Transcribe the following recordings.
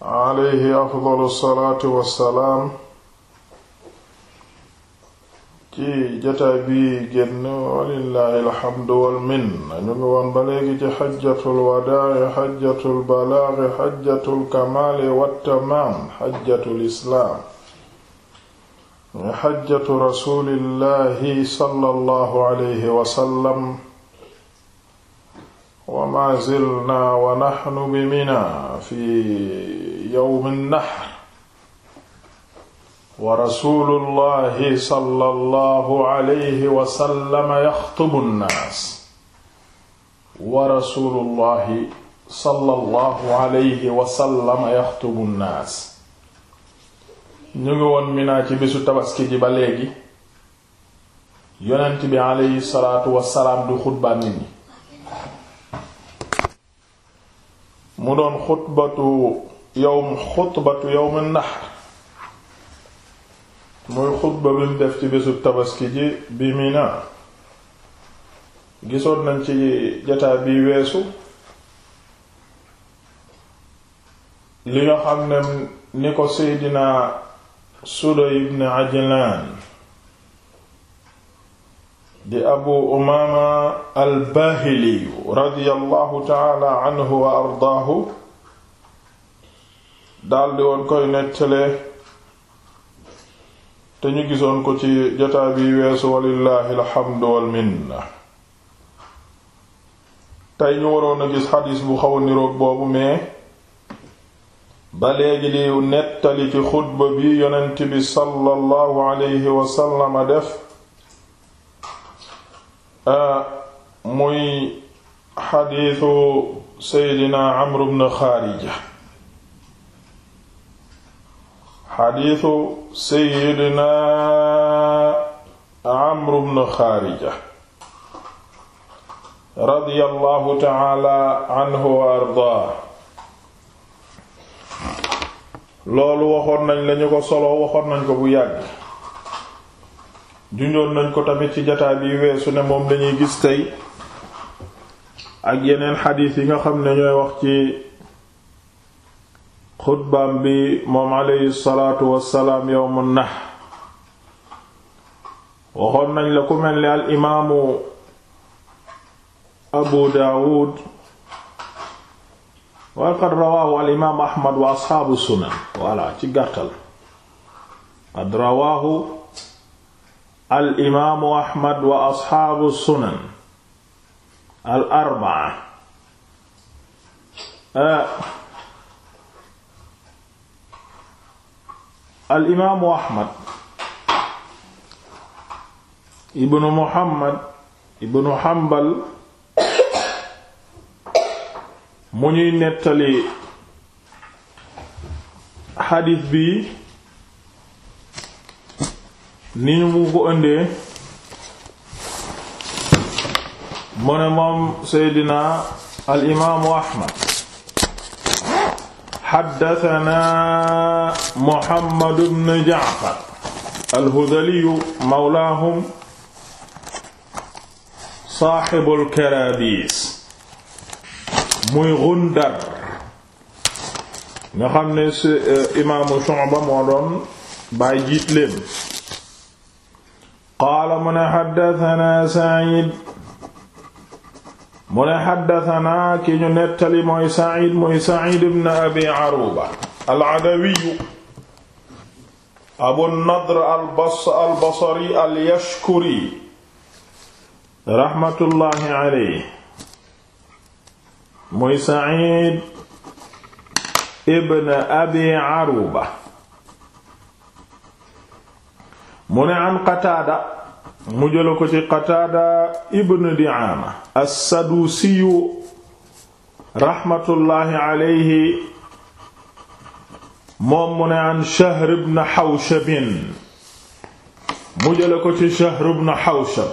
alayhi afdalu salaatu wassalaam ci jataay bi génn walillahi alhamdu walminna ñu ngi woon ba léegi ci xajjatul wadaa xajjatul balaag xajjatul kamaali wattamaam xajjatul islaam xajjatu rasuulillahi sallallahu alayhi wasallam wama zilna wa naxnu bi mina fi yowmi naxr wa rasulullahi sallallahu alayhi wa sallam yaxtubu nnaas wa rasulullahi sallallahu alayhi wa sallam yaxtubu nnaas ñu ngi woon Mina ci bisu tabaski ji ba léegi yonent bi alayhi salaatu wa du xutbaa nit mu doon xutbatu yawm xutbatu yawm nahr muy xutba bi mu def ci bésu tabaski ji bi Mina gisoon nañ ci jataa bi weesu li nga xam ne ni ko Seydina Suday ibn Ajlan di abu umaama albahiliyu radiyallahu taala ardaahu daldi woon koy nettale te ñu gisoon ko ci jotaa bi weesu walillahi alhamdu walminna tey ñu waroon gis xadiis bu xaw a niroog boobu mais ba léegi di nettali ci xutba bi yonent bi sallallahu alayhi wa def Euh, muy xadiisu seydina amru bnu xaarija xadiisu seydina amru bnu xaarija radiyallahu taala anhu wa ardaa loolu waxoon nañ lañu ko solo waxoon nañ ko bu yàgg junjoon nañ ko tamit ci jataay bi weesu ne moom lañuy gis tey ak yeneen xadiis yi nga xam ne ñooy wax ci xutbaam bi moom alayhi salaatu wassalaam yawmun nah waxoon nañ la ku mel ni al imaamu abu daawud wa qad rawaahu al imaam ahmad wa ashaabu sunan walla ci gàttal qad rawaahu al imaamu ahmad wa asxaabu sunan al arbaa eh. al imaamu ahmad ibnu muhammad ibnu hambal mu ñuy nettali xadiis bi ni ñu mu ko mu al imaamu ahmad xaddatana muhammadu bnu jaafar al hudaliyu mawlaahum saaxibul karaabis muy Gundar nga xam ne si eh, imaamu Shu'ba moo doon bàyyi qaala mu ne xaddatanaa Saciid mu ne xaddatanaa ki ñu nettali mooy Saciid mooy Saciid ibn Abi Aruuba al-Adawiyu Abu Nadr al-Basri al-Yashkuri raxmatullaahi aleyhi mooy Saciid ibn Abi Aruuba mu ne an qataada mu jëla ko ci qataada ibn di'aama as-sadusiyu raxmatullaahi alayhi moom mu ne an shahr ibn hawshab mu jële ko ci shahr ibn hawshab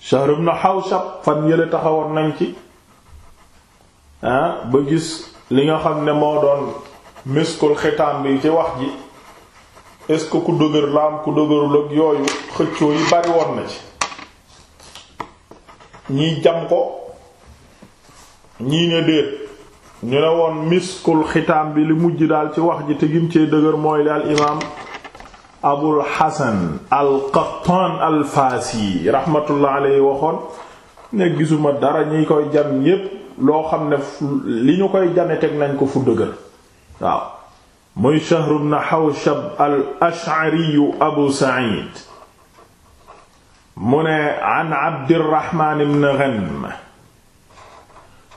shahr ibn hawshab fan yële taxawoon nañ ci ah, ba gis li nga xam ne moo doon miskul xitaam bi ci wax ji est-ce que ku dëgër la am ku dëgërul ak yooyu xëccoo yi bari woon na ci ñii jam ko ñii ne déet ñu ne woon miskul xitaam bi li mujj daal ci wax ji te gim cee dëgër mooy li al imaam abul hasan al qattan al faasi rahmatullah alayhi waxoon ne gisuma dara ñi koy jam yépp loo xam ne li ñu koy jame teg nañ ko fu dëgër waaw muy Shahr ibn Hawshab al-Ash'ari Abu Sa'id mu ne an Abdirrahman ibn Ghanm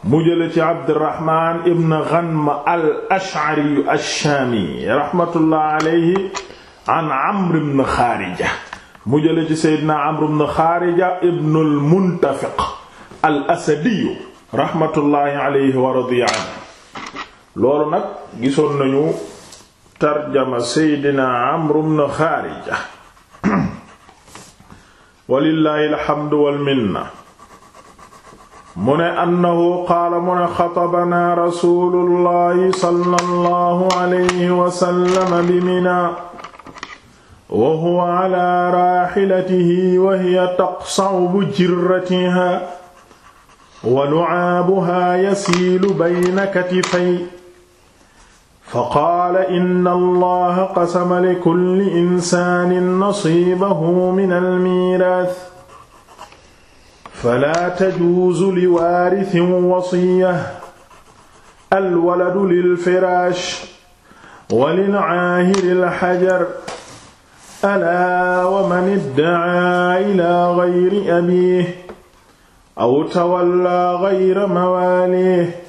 mu jële ci Abdirrahman ibn Ghanm al-Ash'ari ash-Shami rahmatullah alayhi an Amr ibn Kharija mu jële ci Seydina Amr ibn Kharija ibn al-Muntafiq al-Asadi rahmatullah alayhi wa radiya anhu loolu nag gisoon nañu tarjama seydina Amr ibn Xaarija walillaahi alxamdu walminna mu ne annahu qaala mu ne xatabanaa rasuulullaahi sallallaahu alayhi wasallam bi Minaa wa huwa alaa raaxilatihi wa hiya taqsa'u bujirratihaa wa lu'aabuhaa yasiilu bayna katifay fa qaala inna allaha qasama li kulli insaanin nasiibahu min almiiraas falaa tajuuzu li waarisin wasiya alwaladu lilfiraash wa lilcaahiri alxajar alaa wa man iddacaa ilaa gayri abiihi aw tawallaa gayra mawaalihi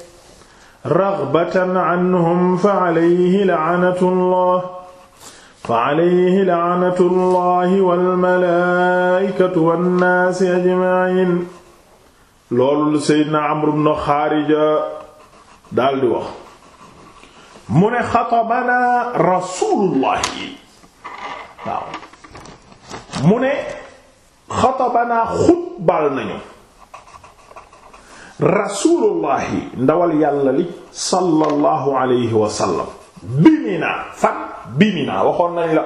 raghbatan anhum fa alayhi la'natullah fa alayhi la'natullahi wal malaa'ikati wan naasi ajma'iin loolu Seydina Amr ibn Xaarija daldi wax mu ne xatabanaa rasuulullahi waaw mu ne xatabanaa xutbal nañu rasulullahi ndawal yàlla li sallallahu alayhi wa sallam bi Mina fan bi Mina waxoon nañ la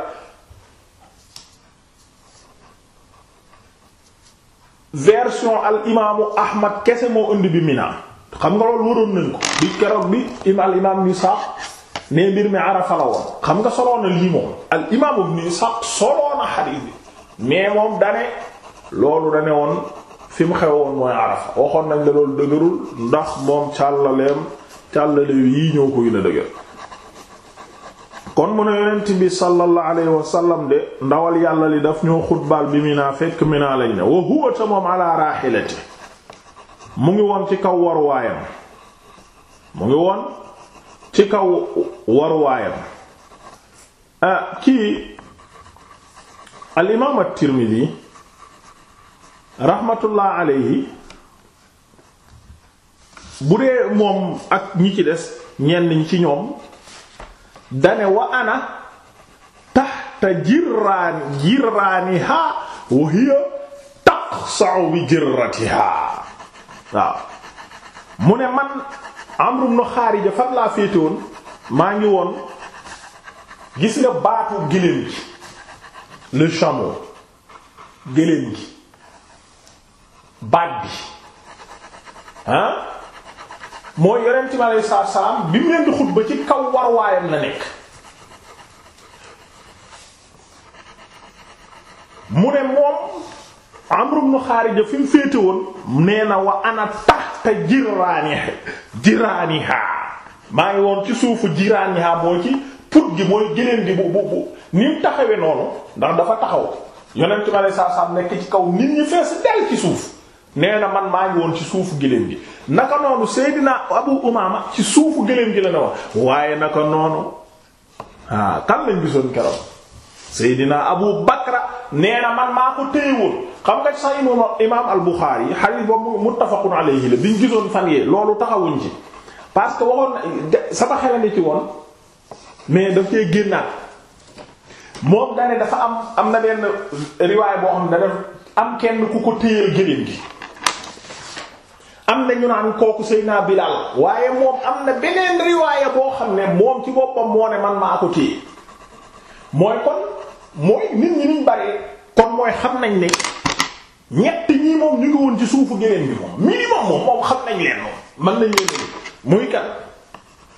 version al imaamu Ahmad kese moo indi bi Mina xam nga loolu waroon nañ ko mi Arafa la woon xam nga soloon na lii moom al imaam Ibn Isaaq soloon moom dane loolu dane woon fi mu xewoon mooy Arafa waxoon nañ la loolu dëgërul ndax moom càllaleem càllaleem yii ñoo ko gën a dëgër kon mu ne yonent bi sallallahu alayhi de ndawal yàlla li daf ñoo xutbaal bi Mina mu ngi woon ci kaw war mu ngi woon ci kaw war waayam ah, kii al imaam rahmatullah alayhi bu dee moom ak ñi ci des ñenn ñi ci ñoom dane wa ana tahta jirraani jirraaniha wa hiya taqsa'u waaw mu ne man Amru ibn Xaarija fan laa féete maa ngi woon gis nga baatu gëléem gi le chameau gëléem gi baat bi ah mooy yonent bi aleyhi salaatu salaam bi mu leen di xutba ci kaw warwaayam la nekk mu ne moom Amru ibn Xaarija fi mu féete woon nee na wa ana tahta jiraaniha jiraaniha maa ngi woon ci suufu jiraaniha moo ci put gi mooy gëléen gi bu bu bu ni taxawee noonu ndax dafa taxaw yonent bi aleyhi salaam nekk ci kaw nit ñi fees del ci suuf nee na man maa ngi woon ci suufu gëléem gi naka noonu Seydina Abu Umaama ci suufu gëléem gi la ne wax waaye naka noonu ah kan lañ gisoon keroog Seydina Abu Bakra nee man maa ko téye woon xam nga sax imaam al Buxaari xadiis boobu muttafaqun alayhi la biñ gisoon fan yee loolu taxawuñ ci parce que waxoon na sama xelal ci woon mais daf cee génnaat moom daanee dafa am am na benn riwaay boo xam ne am kenn ku ko téyeel gëléem gi. am na ñu naan kooku Seydina Bilal waaye moom am na beneen riwaaya boo xam ne moom ci boppam moo ne man maa ko téye mooy kon mooy nit ñi niñ bari kon mooy xam nañ ne ñett ñii moom ñu ngi woon ci suufu géneen bi moom minimum moom xam nañ leen moom mën nañ leen muy kat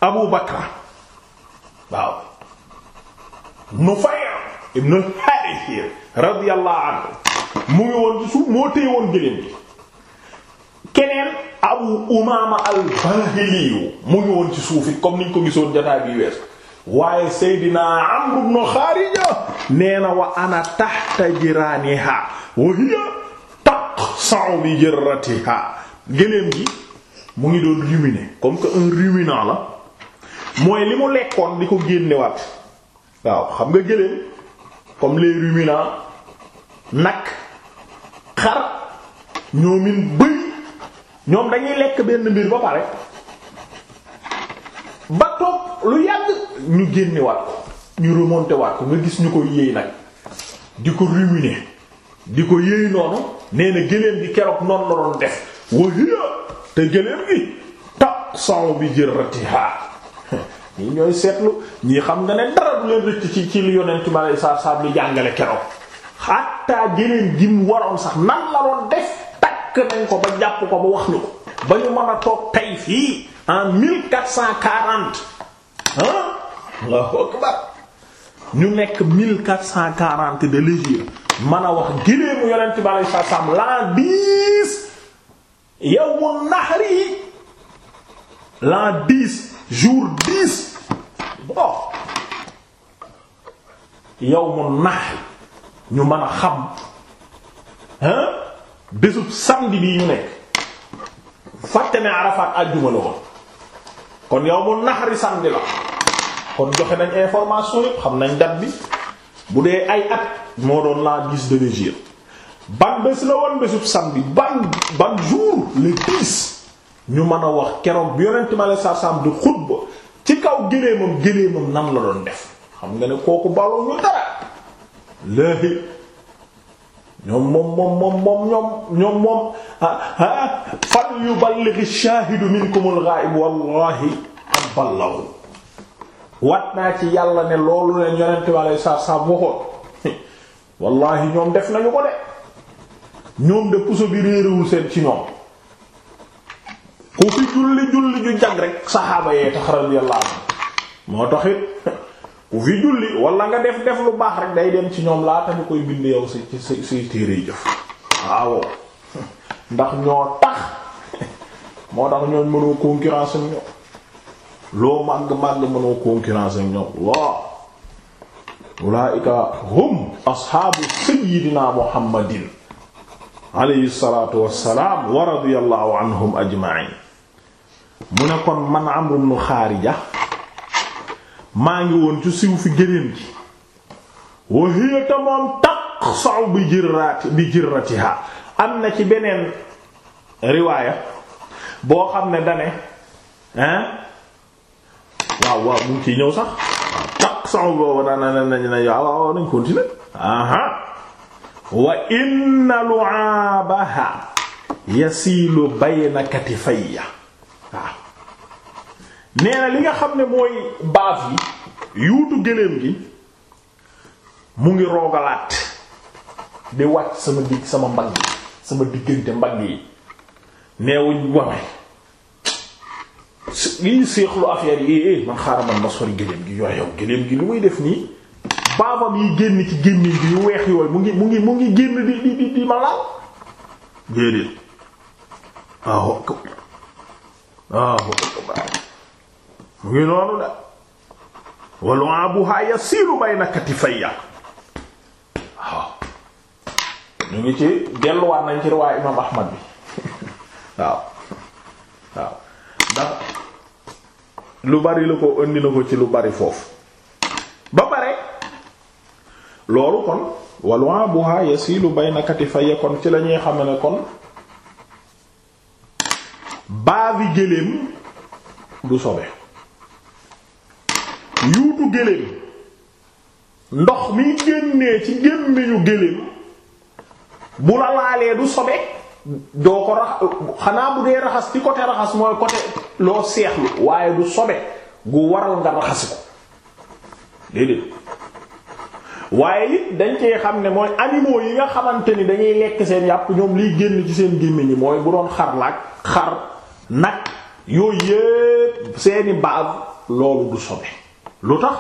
Abu Bakra waaw Nufay ibn al-Harith radiyallahu anhu mu ngi woon ci suuf moo téye woon géneen bi keneen abu umaama al-baahili mu ngi woon ci suufi comme niñ ko gisoon jotaay bi wees waaye seydina amru ibn xaarija nee na wa ana tahta jiraaniha wa hiya taqsa'u bi jirratiha gëléem gi mu ngi doon ruminer comme que un la mooy li mu lekkoon di ko génnewaat waaw xam nga gëléem comme les ruminants nag xar ñoomin bëy ñoom dañuy lekk benn mbir ba pare ba toog lu yàgg ñu génne waat ñu remonté waat nga gis ñu ko yéey nag di ko ruminer di ko yéey noonu nee na gëléem keroog noonu la doon def wahiya te gëléem gi taqsa'u bi jirratiha ñooy seetlu ñii xam nga ne ci ci lu yonentu ma lay saab saab lu jàngale keroog xattaa gëléem gi mu waroon sax nan la doon def takk nañ ko ba jàpp ko ba wax ñu ko ba ñu mën a toog tay fii en 1440 ah Allahu akbar ñu nekk 1440 de l'hégire mën a wax gilee mu yonent bi alayhi salaam l'an 10 yawmu nahri l'an 10 jour 10 bon ñu mën a xam hein bésub samedi bi ñu nekk fàtte ne Arafat àjjuma la woon kon yow mu naxari samedi la kon joxe nañ information yëpp xam nañ date bi bu dee ay at moo doon la gis de l'hégire ban bés la woon bésub samedi ban ban jour le dix ñu mën a wax keroog bi yonent ma la sarsam di xutba ci kaw géléemam géléemam nam la doon def xam nga ne kooku baloo ñu dara léegi ñoom moom moom moom ñoom ñoom moom ah, ah fal yuballigh ash-shahidu minkumul ghaib wallahi qad ballahu wat naa ci yàlla ne loolu leen yonent bi alei satu salaam wallahi ñoom def nañu ko de ñoom de puso bi réeréwul seen ci ñoom ku fi julli julli ju jag rek saxaaba yee tax radiyallahu moo taxit ku fi julli wala nga def def lu baax rek day dem ci ñoom laata nga koy bind yow si sa si téere yi jëf waaw ndax ñoo tax moo tax ñooñ mënoo concurrence ak ñoom loo màgg màgg mënoo concurrence ak ñoom waaw ulaika hum asxaabu sayyidina muhammadin alayhi salatu wassalaam wa radiyallahu anhum ajma'in mu ne kon man amru ibn xaarija maa ngi woon ci siw fi géléem gi wa hiya ta moom taq bi jirrati bi jirratiha am na ci beneen riwaaya boo xam ne dane hein waaw waaw mu ci ñëw sax taq saw boobu na na nañ na waaw waaw nañ continuer aha wa inna lu'abaha yasilu waaw nee na li nga xam ne mooy baaf yi yuutu gëléem gi mu ngi roogalaat di wàcc sama digg sama mbagg sama diggante mbagg yi neewuñ wame lii séexlu affaire yi eh, eh, man xaaral man ma sori gëléem gi yooyu yow gëléem gi lu muy def nii baabam yi génn ci gémmiñ bi yu weex yooyu mu ngi mu ngi mu ngi génn di di di ma laal déedéet waaw waaw mu ngi noonu la waluabuha yasilu bayna katifayya waaw ñu ngi ci delluwaat nañ ci riwaaya imaam ahmad bi waaw waaw ndax lu bari la ko indi na ko ci lu bari foofu ba pare loolu kon waluabuha yasilu bayna katifayya kon ci lañuy xam ne kon baabi géléem du sobe yuutu géléem ndox mi génnee ci gémmiñu géléem bu la laalee du sobe doo ko rax xanaa bu dee raxas ci côté raxas mooy côté loo seexlu waaye du sobe gu waral nga raxasi ko déedéet waaye dañ cee xam ne mooy animaux yi nga xamante ni dañuy lekk seen yàpp ñoom liy génn ci seen gémmiñ yi mooy bu doon xar laaj xar nag yooyu yépp seeni baab loolu du sobe lu tax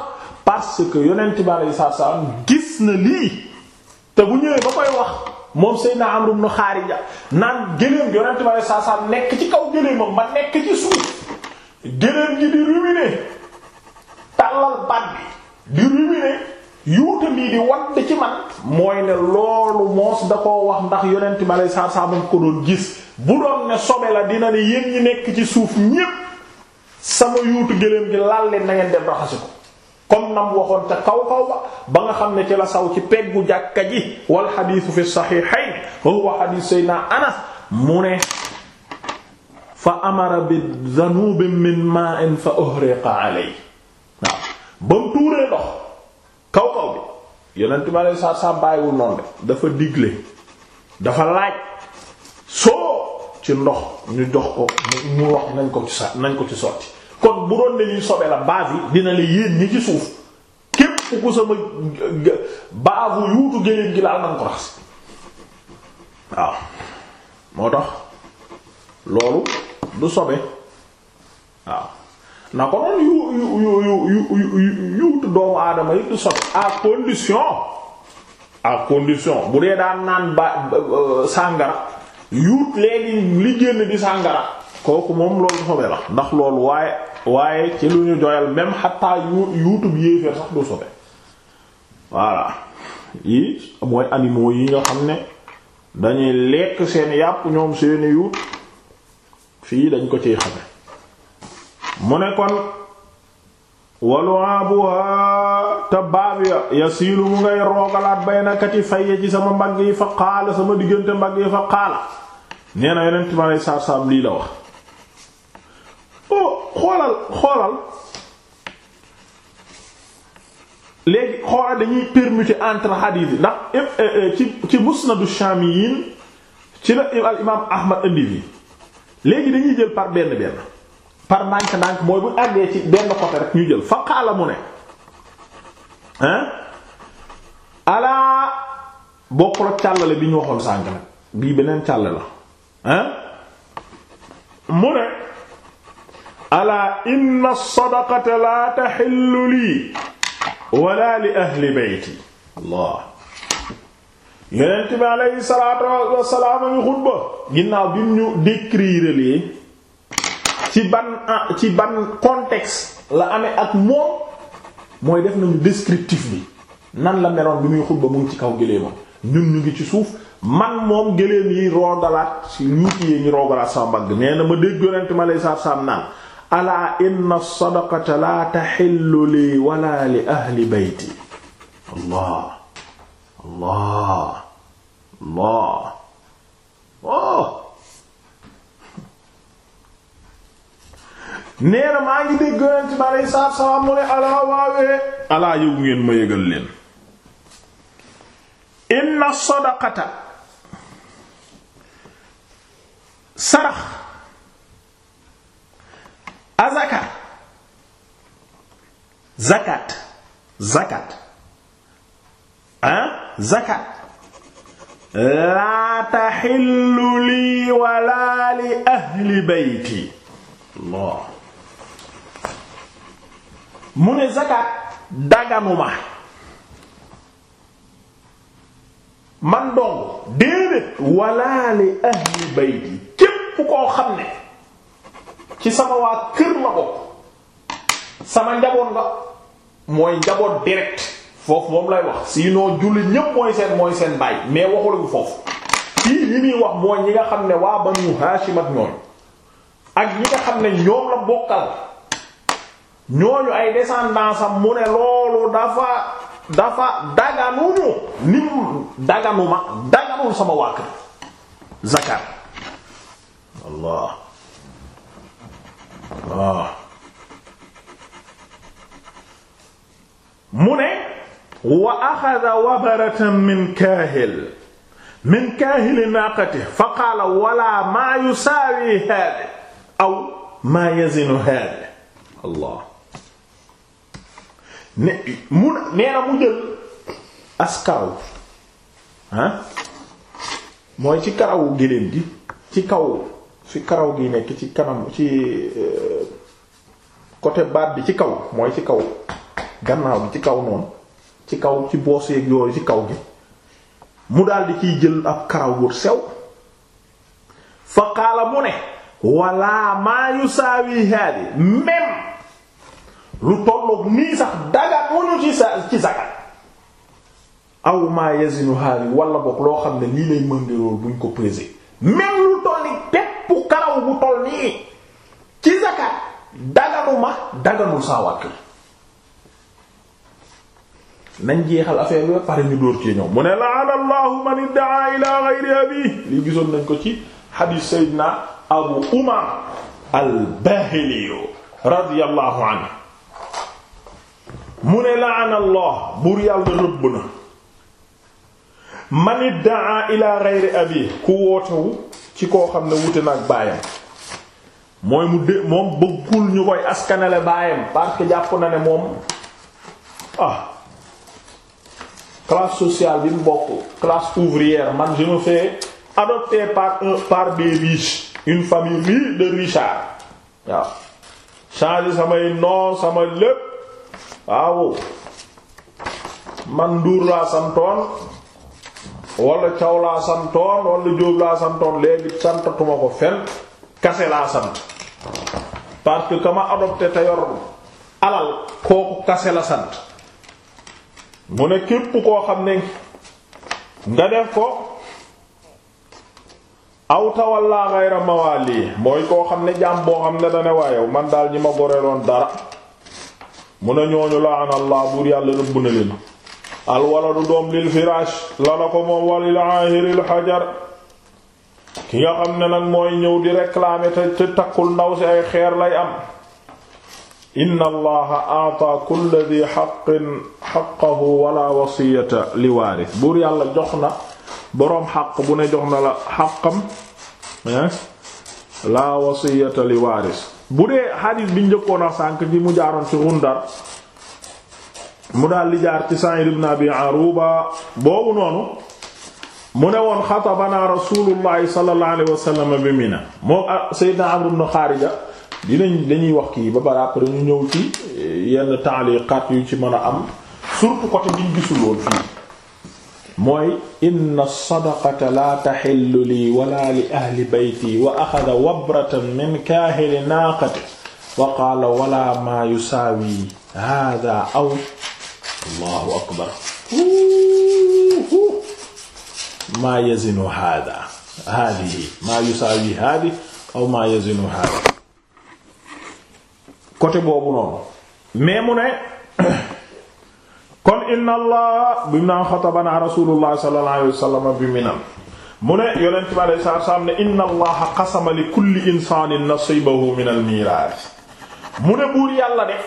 parce que yonent bi aleyhi salaatu gis na lii te ñëwee ba koy moom Seydina Amru ibn Xaarija naan gëléem yonent bi aleyhi salaatu nekk ci kaw gëléemam ma nekk gi di ruminer tàllal di ruminer ci man mooy ne da koo wax ndax yonent bi aleyhi salaatu salaam ko doon gis bu doon ne sobe la dina ne yéen ñi nekk ci suuf ñépp sama yuutu gëléem gi laal leen na ngeen dem raxasi ko comme nam waxoon ca kaw kaw ba ba nga xam ne ci la saw ci peggu jàkka ji wal xadiisu fi saxiixayn wa huwa xadiis sayna anas mu ne fa amara bi zanubin min ma'in fa uhriqa alay waaw ba mu tuuree ndox kaw kaw bi yonent bi alay saa saa bàyyiwul noonu de dafa digle dafa laaj ci ndox ñu jox ko mu wax nañ ko ci nañ ko ci sotti kon bu doon ne ñuy sobe la base yi dina la yéen ñi ci suuf képp ku sama baabu yuutu géyéen gi laal nañ ko raxas waaw moo tax loolu du sobe waaw na ko noonu yu yu doomu aadama yi du sobe à condition à condition bu dee daan naan ba sàngara yuut léegi li génn di sàngara kooku moom loolu sobe la ndax loolu waaye waaye ci lu ñu joyal même xataa yu yuutub sax du sobe voilà yi mooy animaux yi nga xam ne dañuy lekk seen yàpp ñoom seeni yuut fii dañ ko ciy xame mu ne kon waluwaabuha te baab ya yasiilu mu ngay roogalaat bayna katifayya ci sama mbagg yi fa qaala sama diggante mbagg yi fa qaala nee na yonent ma lay saab lii la wax oh xoolal xoolal léegi xoolal dañuy permuter entre hadith yi ndax eh, eh, eh, ci ci musnadu shamiyin ci la al imaam ahmad indi bi léegi dañuy jël par benn benn par ndànk ndànk mooy bu àggee ci benn côté rek ñu jël fa qaala mu ne hein alaa bokkul ak càllale bi ñu waxoon sànk nag bii beneen càll la hein mu ne alaa inna sadaqata laa taxillu lii wala li ahli beyti allah yonent bi aleyhi salaatu wasalaam a ngi xutba ginnaaw bi ñu décrire ci ban ci ban contexte la amee ak moom mooy def nañu descriptif bi nan la meloon bi muy xutba mu ngi ci kaw géléemam ñun ñu ngi ci suuf man moom géléem yi roogalaat si ñuuti yee ñi roogalaat sama mbagg nee ma dégg yonent ma lay saab saab naan alaa inna sadaqata laa taxillu lii wala li ahli bayti allah allah allah oh, nee na maa ngi dégg yonent bi salaam mu ne alaa waawee alaa yëgu ngeen ma yëgal leen inna sadaqata sarax azaka zakat zakat ah, laa taxillu lii wala li ahli bayti mu ne zakat daganuma man dong déedéet wala li ahli bayti képp koo xam ne ci sama waa kër ma bokk sama njaboot nga mooy njaboot direct foofu moom lay wax sinon jullit ñépp mooy seen mooy seen baay mais waxuluñu foofu fii li muy wax moo ñi nga xam ne waa ba Haashim ak ñooñ ak ñi nga xam ne ñoom la bokkal ñooñu ay descendance mu ne loolu dafa dafa ni daganuma daganul sama waa kër Allah Allah mu ne wa axada wabaratan min kaahil min kaahili naaqati maa yusaawi haada aw maa yazinu haada Allah ne mu nee mu jël askaraw ah mooy ci karawu géléem gi ci kaw fi karaw gi nekk ci kanam ci euh, côté baat bi ci kaw mooy ci kaw gannaaw gi ci kaw noonu ci kaw ci boos yeeg yooyu ci kaw gi mu daldi ciy jël ab karaw bu sew fa qaala mu ne wala maa yusaawi hadi même lu tolloog nii sax daga mënu ci sa ci zakat aw maa yazinu haali wala boog loo xam ne lii lay mëndirool buñ ko peser même lu tolli pepp karaw bu toll nii ci zakat daganu daganul saa wàkk nañ jeexal affaire bi ba dóor ci ñëw mu ne laana allahu man iddaa ila ghayri abi lii gisoon nañ ko ci hadith sayyidina abu umar al-bahili radiyallahu anhu mu ne laana allah buur yàlla rëbb na man iddaa ila ghayri abi ku wootewu ci koo xam ne wute nag baayam mooy mu dé moom bëggul ñu koy askanale baayam parce jàpp na ne moom ah classe sociale bi mu bokk classe ouvrière man je me fais adopter par une famille de richard waaw changer samay noon sama lépp waaw man nduur laa santoon wala caw laa santoon wala jóob laa santoon léegi santatuma ko fen kase laa sant parce que ma adopté te yor alal kooku kase la sant mu ne képp koo xam ne nga def ko aw tawalla ghayra lii mooy koo xam ne jaam boo xam ne dane waayow man daal ñi ma goreloon dara mu ne ñooñu laana allah buur yàlla rëbb na leen alwaladu doom lil firaash la la ko moom aahiril xajar ki nga ne nag mooy ñëw di réclamer te te takkul ndaw si ay xeer lay am inna allaha aataa kulla di xaqin xaqahu wala wasiyata li waaris buur yàlla jox na boroom xaq bu ne jox na la xaqam la wasiyata li waaris bu dee xadiis bi njëkkoon a sànk bi mu jaaroon ci Gundar mu daal li jaar ci Sa'id ibn Abi Aruba boobu noonu mu ne woon xatabanaa rasuulullahi sallallahu alayhi wa sallam bi Mina moom ah, Sayyidina Amr ibn Xaarija dinañ dañuy wax kii ba pare après ñu ñëw ti eh, yenn ta'liqaat yu ci mën a am surtout côté biñ gisuloon fii mooy inna sadaqata la taxillu lii wala li ahli bayti wa axada wabratan min kaahili naaqati wa qaala wala maa yusaawi hada aw allahu akbar maa yazinu hada hadihi maa yusaawi hadi aw maa yazinu hada côté boobu noonu mais mu ne kon inna allah bi mu naan xatabana rasulullah sallallahu bi minan mu ne yonent bi alayhi salaatu salaam ne inna allaha qasama li kulli insaanin nasiibahu min al miiraas mu ne buur yàlla de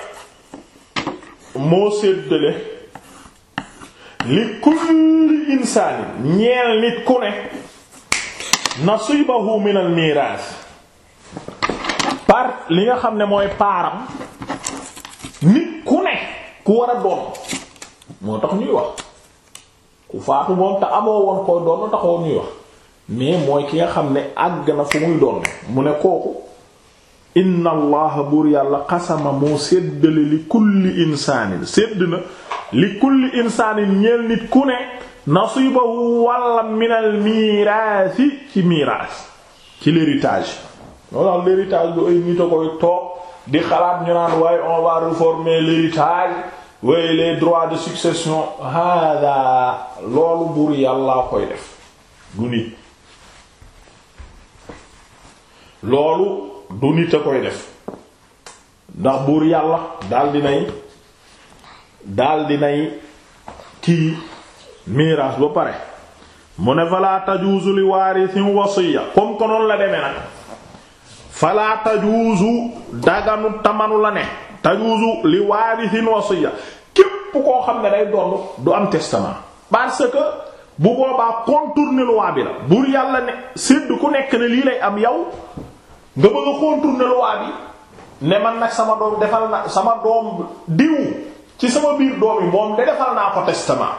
moo séddale li kulli insaanin ñeel nit ku ne nasiibahu min al miiraas par li nga xam ne mooy paaram nit ku ne ku war a doon moo tax ñuy wax ku faatu moom te amoo woon koo doon taxoo ñuy wax mais mooy ki nga xam ne àgg na fu muy doon mu ne kooku inna buur yàlla xasama moo séddale li kulli insaanin sédd na li kulli insaanin ñeel nit ku ne nasibahu walla minal miraasi ci miraas ci l'héritage loolu daal l'héritage bu ay nit a koy toog di xalaat ñu naan waaye on va réformer waaye le droits de succession hada loolu buur yàllaa koy def du nit loolu du nit a koy def ndax buur yàlla daal dinay daal dinay kii miraas ba pare mu ne falaa tajuuzu li waarisin wasiya comme que la demee nag falaa tajuuzu daganu tamanu la ne tajuuzu li waarisin wasiya képp koo xam ne day doon du am testament parce que bu boobaa contourner loi bi la buur yàlla ne sédd ku nekk ne lii lay am yow nga bëgg a contourner ne man nag sama doom defal na sama doom diw ci sama biir doom yi moom de defal naa ko testament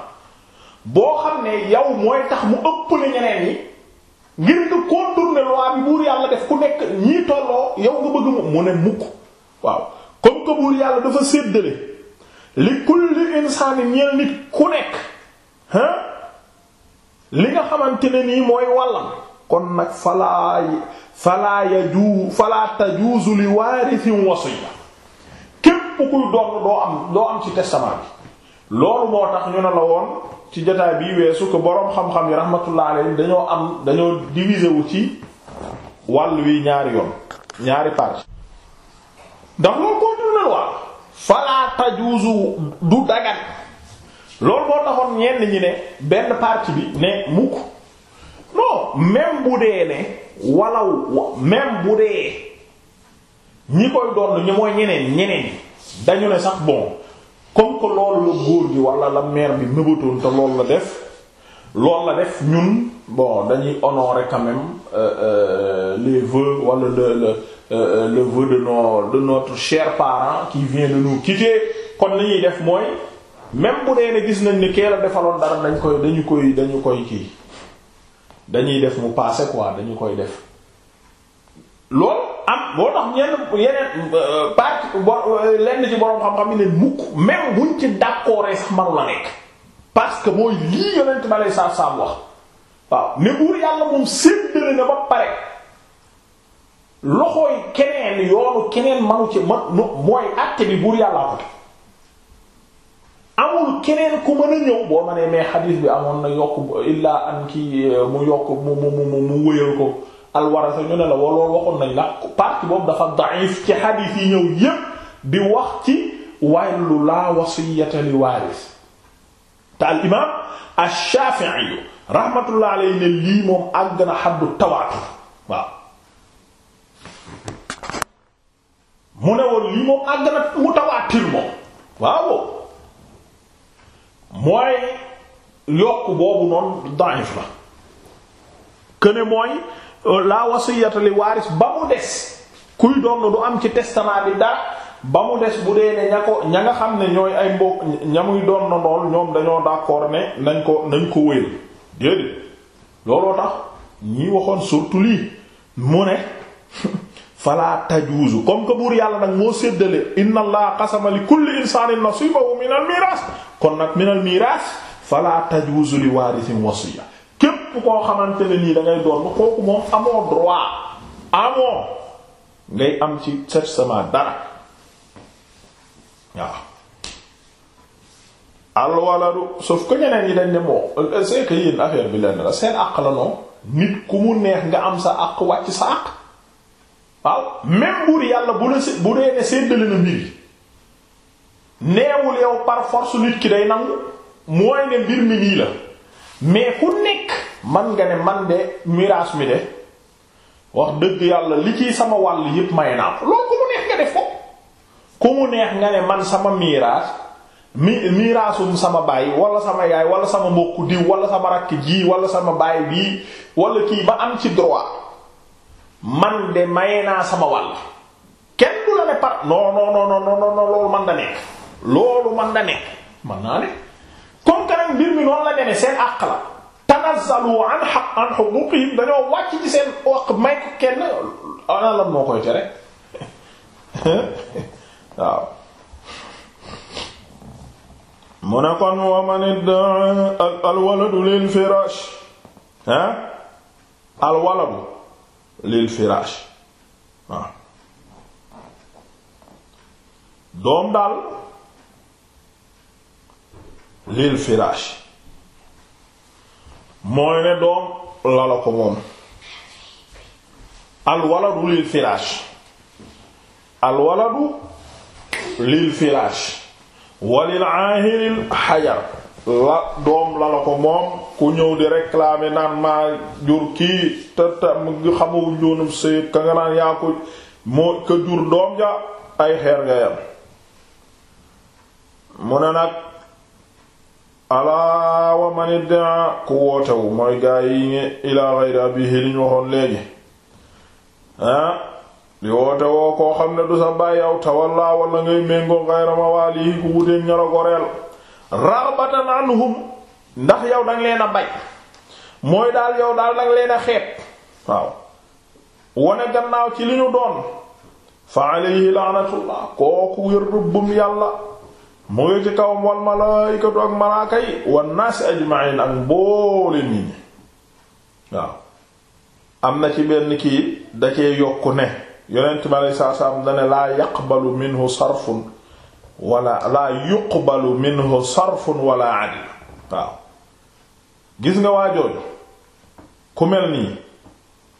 boo xam ne yow mooy tax mu ëpp la ñeneen yi ngir nga contourner loi bi buur yàlla def ku nekk ñii tolloo yow nga bëgg mu mu ne mukk waaw comme que buur yàlla dafa séddale li kulli insaani ñeel nit ku nekk hein li nga xamante ne nii mooy wàllam kon nag falaa falaa yaju falaa tajuuzu li waarisin wasiya képp kuy doon doo am doo am ci testament bi loolu moo tax ñu ne la woon ci jotaay bi weesu ko boroom xam-xam yi rahmatullah alayhi dañoo am dañoo diviser wu ci wàll wi ñaari yoon ñaari parties ndax loolu contourner loi fala tajuzu du dagan loolu moo taxoon ñenn ñi ne benn partie bi ne mukk non même bu dee ne walaw même bu dee ñi koy doon ñu mooy ñeneen ñeneen dañu ne sax bon comme que loolu la góor gi wala la mère bi nëbatoon te loolu la def loolu la def ñun bon dañuy honorer quand même euh, euh, les vœux wala le Euh, euh, le vœu de nos de notre cher parent qui vient de nous quitter kon li ñuy def mooy même bu dee ne gis nañ ni kee la defaloon dara dañ koy dañu koy dañu koy kii dañuy def mu passé quoi dañu koy def loolu am boo tax ñenn yeneen euh, parti lenn ci boroom xam-xam yi ne mukk même buñ ci d'accord sax manu la nekk parce que mooy lii yonent saab saab wax waaw ne buur yàlla moom séddale na ba pare loxooy keneen yoonu keneen manu ci man mooy àtte bi buur yàllaa ko amul keneen ku mën a ñëw boo ma nee mais xadiis bi amoon na yokk illaa an ki euh, mu yokk mu mu ko alwarasa ñu ne la waloolu waxoon nañ la partie boobu dafa da'if ci xadiis yi ñëw yépp di wax ci waylu laa wasiyata li waaris te al imaam ash-Shafi'i rahmatullah alayhi ne lii moom àgg na xaddu tawaatur mu ne woon lii mu àgg na mutawaatir moom waaw mooy yokk boobu noonu da'if la këne mooy euh, la wasiyata li waaris ba mu des kuy doon du am ci testament bi dara ba mu des bu dee ne ña ko ña nga xam ne ñooy ay mbokk ña muy doon na lool ñoom dañoo d'accord ne nañ ko nañ ko wéyal déedéet looloo tax ñi waxoon surtout lii mu ne fala tajuuzu comme que buur yàlla nag moo séddale inna allaha qasama li kulli insaanin nasiibahu min al miiraas kon nag min al miiraas fala li waarisin wasiya képp koo xamante ne nii da ngay doon moom amoo droit amoo ngay am ci set sama ñeneen yi dañ ne moo c'est que yéen affaire bi lenn la seen àq la noonu nit ku mu neex nga am sa àq wàcc sa àq waaw même buur yàlla bu la bu dee ne na mbir yi neewul yow par nit ki day nangu mooy ne mbir mi nii la mais ku nekk man nga ne man de miraas mi de wax dëgg yàlla li ciy sama wàll yépp may naa loolu ku mu neex nga def ko ku mu neex nga ne man sama miraas mi miraasum sama baay wala sama yaay wala sama mbokku diw wala sama rakk ji wala sama baay bii wala kii ba am ci droit man de maye naa sama wàll kenn du la ne par non non non non non loolu man da nekk loolu man da nekk man naa ne comme que mbir mi noonu la demee seen àq la tanazzalu an haqq an huquqihim dañoo wàcc ci seen waq may kenn ana lan koy tere waaw mu ne kon wa man iddaa al waladu lil firaash ha al waladu lil firaash waaw doom daal lil firaash mooy ne doom la la ko moom al waladu lil firaash al waladu lil firaash walil aahiril xajar la doom la la ko moom ku ñëw di réclamer naan maa jur kii te te xamuwuñ doonub sëyët ka yaa ko moo ka jur doom ja ay xeer nga yam mu ne nag alaa wa man ku wootewu mooy gaa yi ngi ilaa ghayri abihi li ñu waxoon léegi ah li koo xam ne du sa bàyyi aw tawalla walla ngay méngoo ghayra mawaalihi ku wuteen ña la ba raghbatan anhum ndax yow danga leen a bay mooy daal yow daal danga leen a xeeb waaw wane gannaaw ci li ñu doon fa alayhi laanatullah kooku yër rëbbum yàlla mu ngi ci kawam wal malaykatu ak malaaka yi wan naasi ak mboole nit ñi waaw am na ci benn kii da yokk yokku ne yonent mi aleyhi salaatu dane laa yaqbalu minhu sarfun wala laa yuqbalu minhu sarfun wala adl waaw gis nga waajooju ku mel nii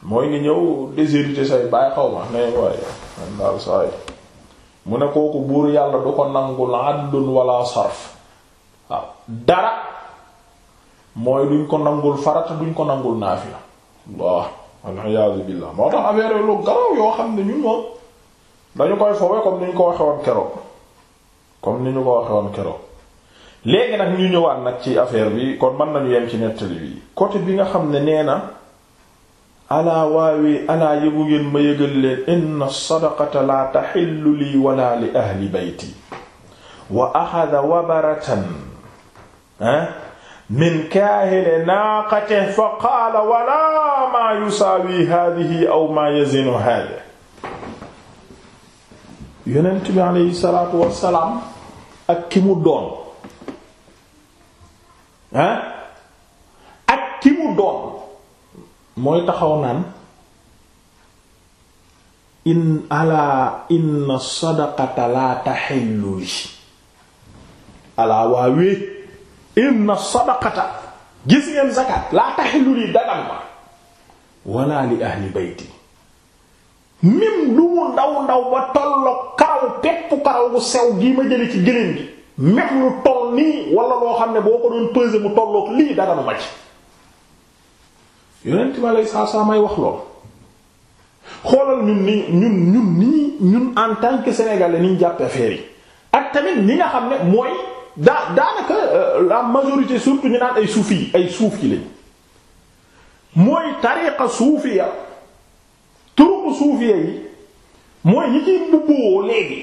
mooy ngi ñëw déshérité say bàyyi xaw ma ne waaye mu ne kooku buur yàlla du ko nangul adlun wala sarf waaw dara mooy duñ ko nangul farata duñ ko nangul naafila waaw aliyaazu billaah moo tax affaire lu garaw yoo xam ne ñun moom dañu koy fowe comme ni ñu ko waxee woon keroog comme ni ñu ko waxee woon keroog léegi nag ñu ñëwaat nag ci affaire bi kon mën nañu yem ci nettali bi côté bi nga xam ne nee na alaa waawee alaa yëgu ngeen ma yëgal leen inna sadaqata la taxillu lii wala li ahli bayti wa axada wabaratan ah, min kaahile naaqate fa qaala wala maa yusaawi haadihi aw maa yazinu haadihi yonent bi aleyhi salaatu wassalaam ak ki mu doon ak ki mu doon mooy taxaw naan in alaa inna sadaqata laa taxillu yi alaa waawee inna sadaqata gis ngeen zakat laa taxillu li dagal ma wala li ahli bayti mim lu mu ndaw ndaw ba tollo karaw pepp karaw bu sew gii ma jële ci gëléem bi même lu toll nii wala loo xam ne boo ko doon peser mu tolloog lii dara mu ma ci yonent ma lay saa saa may wax lool xoolal ñun ni ñun ñun ni ñun en tant que sénégalais ni ñu jàppe yi ak tamit ñi nga xam ne mooy daa daanaka euh, la majorité surtout ñu naan ay yi ay suufi lañ mooy tariqa suufiya suufiyee yi mooy ñi ciy mbubboo léegi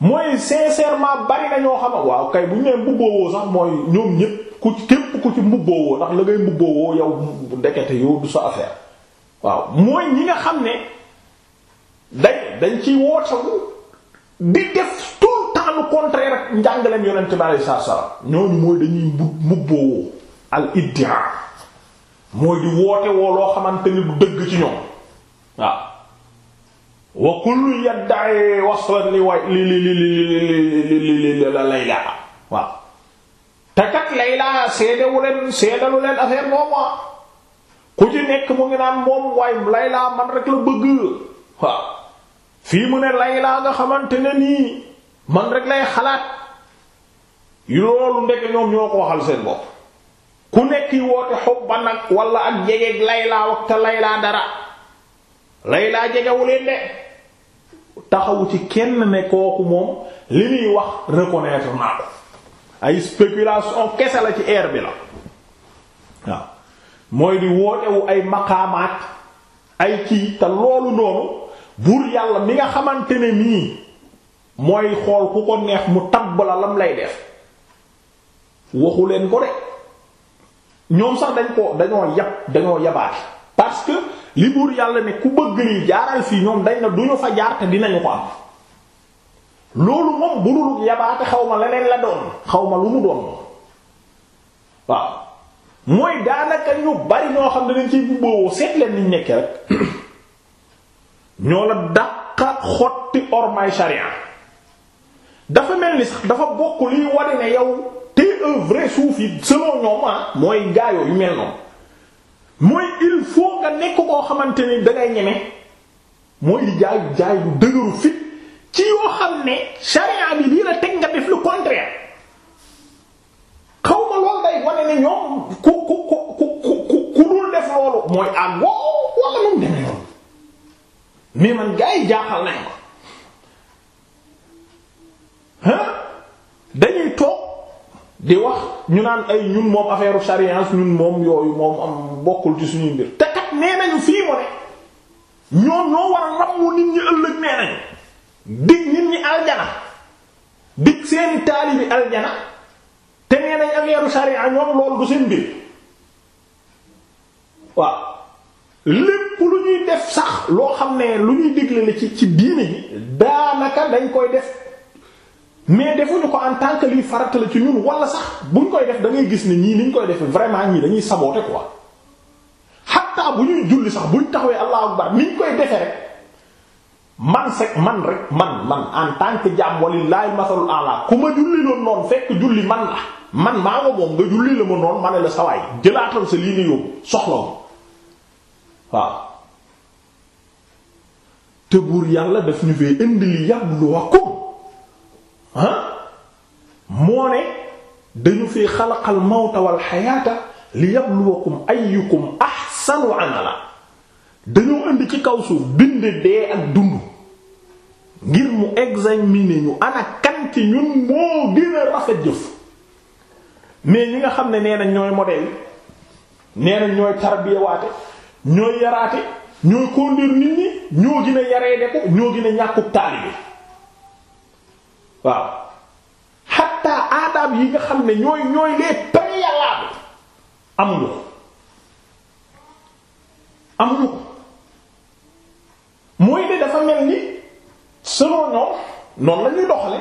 mooy sincèrement bari na ñoo xam waaw kay bu ñu nee mbubboowoo sax mooy ñoom ñépp ku képp ku ci mbubboowoo ndax la ngay mbubboowoo yow ndekete yow du sa affaire waaw mooy ñi nga xam ne dañ dañ ciy wootawu di def tout le temps le contraire ak njàngaleem yonent bi alayhi salaam ñooñu mooy dañuy mbubboowoo al iddia mooy di woote woo loo xamante ni du dëgg ci ñoom waaw wa kullu yadda'i waslan li way li li li li li la Layla waaw te kat Layla seedewu leen seedalu leen affaire ku ci nekk mu ngi naan moom waay Layla man rek la bëgg fii mu ne Layla nga xamante ne nii man rek lay xalaat loolu ndeke ñoom ñoo ko waxal seen bopp ku nekk yi woote xubba nag wala ak jegeeg Layla waxta Layla dara Layla jegewu leen de taxawu ci kenn ne kooku moom li muy wax reconnaître naa ko ay spéculation kese la ci air bi la waaw mooy di wootewu ay maqaamaat ay kii te loolu noonu buur yàlla mi nga xamante ne nii mooy xool ku ko neex mu tabb la lam lay def waxu leen ko de ñoom sax dañ ko dañoo yab dañoo yabaate li buur yàlla ne ku bëgg lii jaaral fii ñoom dañ na duñu fa jaar te dinañu ko am loolu moom bu dul yabaate xaw ma leneen la doon xaw ma lu mu doon waaw mooy daanaka ñu bari ñoo xam ne dañ ci bubboowoo seet leen niñ rek ñoo la dàqa xotti ormay sharia dafa mel ni sax dafa bokk liy wari ne yow t'es un vrai soufi ñoom ah mooy gaayoo yu mel noonu mooy il faut nga nekk koo xamante ni dangay ñeme mooy di jaay jaay lu dëgëru fit ci yoo xam ne sharia bi lii la teg nga def lu contraire xaw ma loolu day wane ne ñoom ku ku ku ku ku ku dul def loolu mooy ànd ah woo wala nu mu demee noonu mais man jaaxal nañ ko dañuy toog di wax ñu naan ay ñun moom affaire u ñun moom yooyu moom am. bokkul ci suñuy mbir te kat nee nañu fii mu ne ñoom ñoo war a nit ñi ëllëg nee nañu dig nit ñi aljana dig seeni taalibi aljana te nee nañ affaire sharia ñoom loolu du seen mbir waaw lépp lu ñuy def sax loo xam ne lu ñuy digle la ci ci diine ji daanaka dañ koy def mais defuñu ko en tant que liy farata la ci ñun wala sax buñ koy def da ngay gis ni ñii niñ koy def vraiment ñii dañuy saboter quoi xatta bu ñuy julli sax buñ taxawee allahu akbar niñ koy defe rek man sek man rek man man en tant que jaam walillahi masalul ala ku ma julli man la man maa la ma noonu ma la sawaay jëlaatal sa lii nga yóbbu soxla ma waaw te buur yàlla daf ñu fee indi li yabluwakum ah moo ne dañu fi xalaqal mawta wal xayaata li yabluwakum ayyukum ahsanu amala dañoo indi ci kaw suuf bind dee ak dund ngir mu examiner ñu ana ci ñun moo gën a rafet jëf mais ñi nga xam ne nee ñooy modèle nee ñooy tarbiyewaate ñooy yaraate ñooy conduire nit ñi ñoo gën a yaree ko ñoo gën a ñàkkub taalibe waaw hatta adab yi nga xam ne ñooy ñooy les amuñu ko amuñu ko mooy de dafa mel ni selon ñoom noonu la ñuy doxale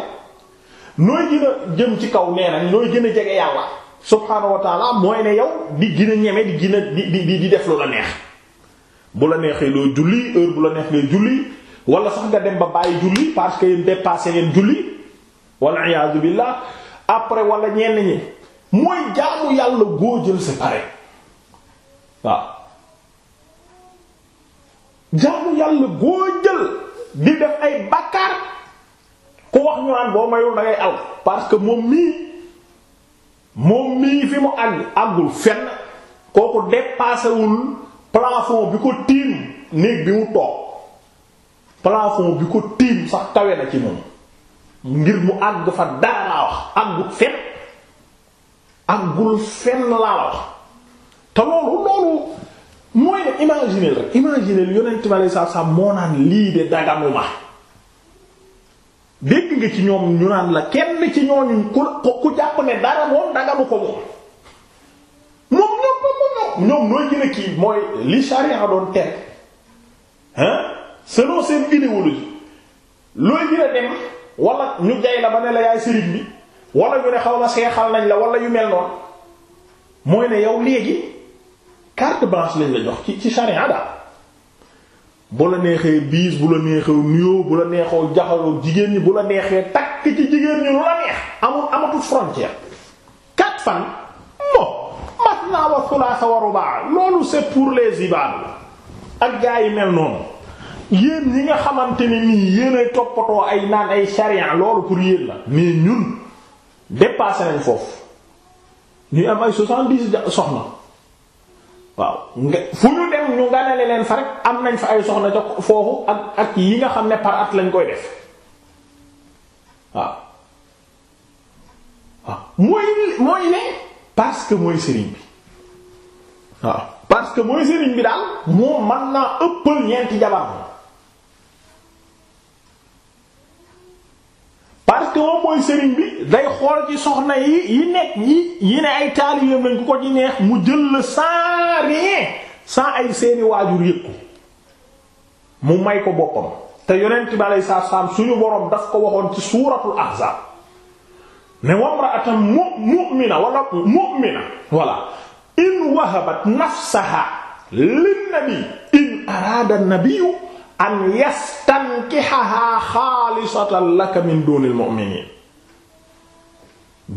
nooy gën a jëm ci kaw nee nañ nooy gën a jege yàlla subhaanahu mooy ne yow di gën a ñeme di gën a di di di def lu la neex bu la neexee loo julli heure bu la neex ngay julli wala sax nga dem ba bàyyi julli parce que yéen dépassé ngeen julli wala iyaazu billah après walla ñenn ñi. mooy jaamu yàlla goo jël c'est pareil waaw jaamu yàlla goo jël di def ay bàkkaar ku wax ñu naan boo mayul da al parce que moom mii moom mii fi mu àgg àggul fenn kooku dépassé wul bi ko tiim néeg bi mu toog plafond bi ko tiim sax kawe na ci moom ngir mu àgg fa dara wax àggul fenn. àggul fenn laa wax te loolu loolu mooy ne imaginer rek imaginer yonent bi alayhi salaam moo naan lii de daganuma dégg nga ci ñoom ñu naan la kenn ci ñooñu ku ku jàpp ne dara moom ko moom moom ñoom moom ñoom kii mooy li sharia doon tere hein selon seen idéologie looy gën dem wala ñu jay la ba ne la yaay sëriñ bi wala ñu ne xaw ma seexal nañ la wala yu mel noonu mooy ne yow léegi carte blanche lañ la jox ci ci charia daal bu la neexee biis bu la neexee nuyoo bu la neexoo jaxaloo jigéen ñi bu la neexee takk ci jigéen ñi lu la neex amul amatul frontière quatre fan mo matna wa thulaatha wa rubaa loolu c'est pour les ibaadu ak gaa yi mel noonu yéen ñi nga xamante ne nii yéen toppatoo ay naan ay charia loolu pour yéen la mais ñun dépassé nañ foofu ñuy am ay soixante-dix soxna waaw nga fu ñu dem ñu ganale leen fa rek am nañ fa ay soxna ca foofu ak ak yi nga xam ne par at lañ koy def waaw waaw mooy mooy ne parce que mooy sëriñ bi waaw parce que mooy sëriñ bi daal moo man naa ëppal ñeenti jabar parce que moom mooy sëriñ bi day xool ci mu jël la may ko boppam te yonent suñu boroom daf ko waxoon ci suuratul ahzaab ne wamra'atan mu'mina wala mu'mina wala in wahabat nafsaha lin nabi in araada nabiyyu an yastankihahaa xaalisatan laka min duunil mu'miniin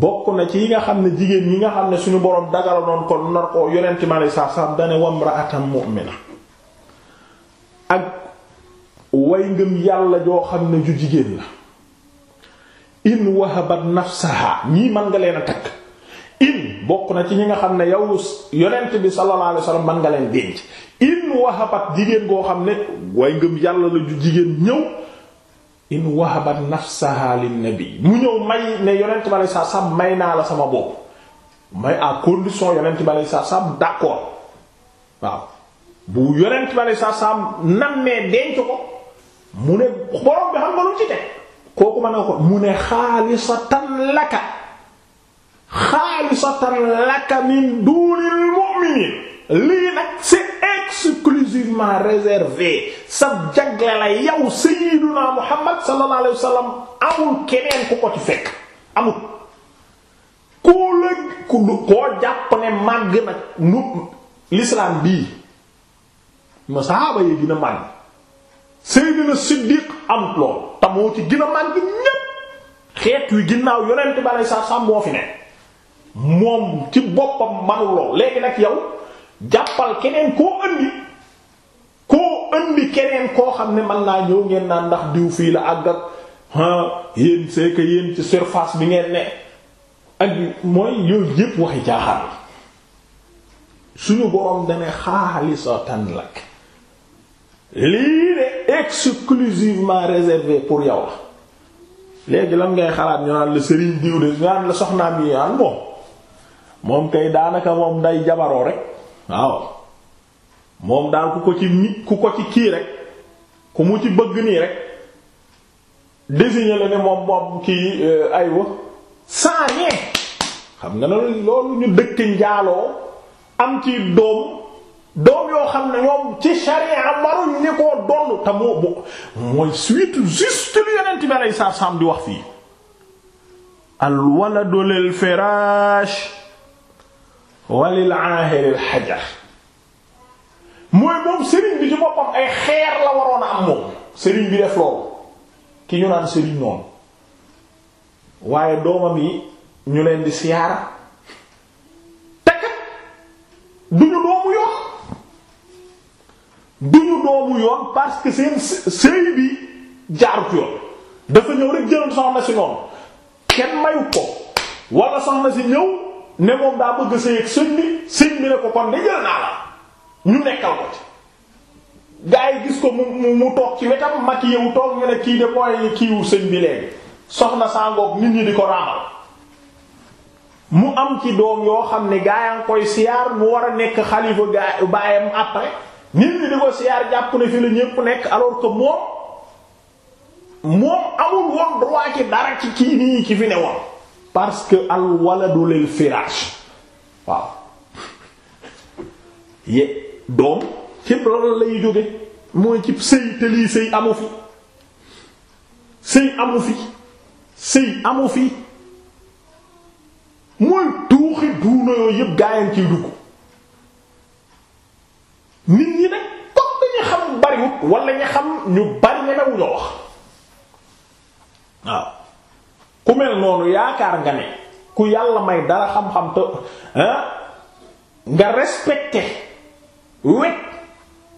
bokk na ci yi nga xam ne jigéen ñi nga xam ne suñu boroom dagala doon ko nar koo yonent mi aleyhi salaatu salaam dane wamra'atan mu'mina ak way ngëm yàlla joo xam ne ju jigéen la in wahabat nafsaha ñii mën nga leen a takk bokk na ci ñi nga xam ne yow yonent bi sallallahu alayhi wasallam man nga leen denc in wahabat jigéen goo xam ne way ngëm yàlla la ju jigéen ñëw in wahabat nafsaha lin nabi mu ñëw may ne yonent bi alayhi salaam may naa la sama bopp may à condition yonent bi alayhi salaam d'accord waaw bu yonent bi alayhi salaam nammee denc ko mu ne borom bi xam nga lu ci kooku mën na ko mu ne xaalisatan laka xaalisatan laka min duunil mu'miniin lii nag c'est exclusivement réservé sa jagle la yow sayyiduna Muhammad sallallahu alayhi wasallam amul keneen ku ko ci fekk amul koo léegi koo jàpp ne màgg nag nu l'islam bii ma saxaaba yi gën màgg Seydina Siddiq amut lool te moo ci gën màgg ñépp xeet wi ginnaaw yonent bi alayhi salaam moo fi ne moom ci boppam manuloo léegi nag yow jàppal keneen koo andi koo andi keneen koo xam ne man naa ñëw ngeen naan ndax diw fii la àgg ak yéen c'est que yéen ci surface bi ngeen ne ak mooy yooyu yépp waxi jaaxal suñu boroom dane xaalisatan lak lii ne exclusivement réservé pour yow la léegi lan ngay xalaat ñu naan la Serigne diw de ñu naan la soxnaam yi ñaan ah, moom moom kay daanaka moom day jabaroo rek waaw moom daal ku ko ci ni ku ko ci kii rek ku mu ci bëgg nii rek désigné la ne moom moom kii euh, aywa sans rien xam nga ne loolu ñu dëkk njaaloo am ci doom doom yoo xam ne ñoom ci sharia maruñ ni koo donn te moo mooy suite juste lu yonent bi aleyhi salaatu salaam di wax fii al waladu lil walil aahiril xajar mooy moom sëriñ bi ci boppam ay xeer la waroon a am moom sëriñ bi def loolu ki ñu naan sëriñ noonu waaye doomam yi ñu leen di siyaara tekat duñu doomu yoon duñu doomu yoon parce que seen sëy bi jaarut yoon dafa ñëw rek jëloon soxna si noonu kenn mayu ko wala soxna si ñëw ne moom daa bëgg sëy ak sëñ bi sëñ bi ko kon de jël naa la ñu nekkal ko ci gaa yi gis ko mu mu toog ci wetam mag mu toog ñu ne kii de mooy kiiwu sëñ bi léegi soxna sangoog nit ñi di ko raamal mu am ci doom yoo xam ne gaa yaa ngi koy siyaar mu war a nekk xalifa gaa baayam après nit ñi di ko siyaar jàpp ne fi la ñépp nekk alors que moom moom amul woon droit ci dara ci kii nii ci fi ne woon parce que al waladu lil firaash waaw ye doom ci loolu lay jóge mooy ci sëy te sëy amu fi sëy amu fi sëy amu fi mooy tuuxi duuna yooyu yëpp gaayam ciy dugg nit ñi nag comme dañu xam bariwut wala ñu xam ñu bari ñemewuñoo wax waaw ku mel noonu yaakaar nga ne ku yàlla may dara xam-xam te nga respecté wet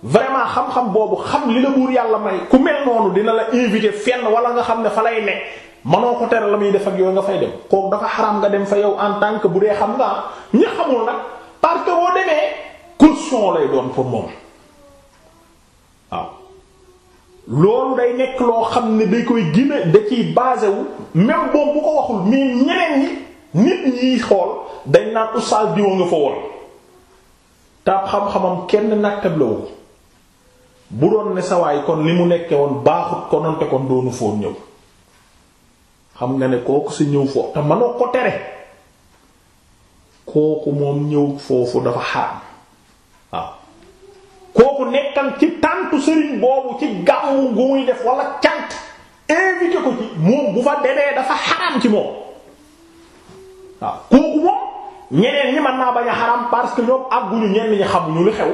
vraiment xam-xam boobu xam li la buur yàlla may ku mel noonu dina la invité fenn wala nga xam ne fa lay ne manoo ko tere la muy def ak yooyu nga fay dem kooku dafa xaram nga dem fa yow en tant que bu dee xam nga ñi xamul nag parce que boo demee caution lay doon pour moom. loolu day nekk loo xam ne day koy gine da ciy basé wu même boobu bu ko waxul mais ñeneen ñi nit ñiy xool dañ naan oustaz diwa nga fa woon taab xam-xamam kenn nattablewul bu doon ne sawaay kon li mu nekkee woon baaxut kononte kon doonu foon ñëw xam nga ne kooku si ñëw foofu te mënoo ko tere kooku moom ñëw foofu dafa xaram waaw kooku nekkal ci tàntu sëriñ boobu ci gàmmu gu muy def wala cant invité ko ci moom bu fa demee dafa xaram ci moom kooku moom ñeneen ñi mën naa bañ a xaram parce que ñoom àgguñu ñenn ñi xamuñu lu xew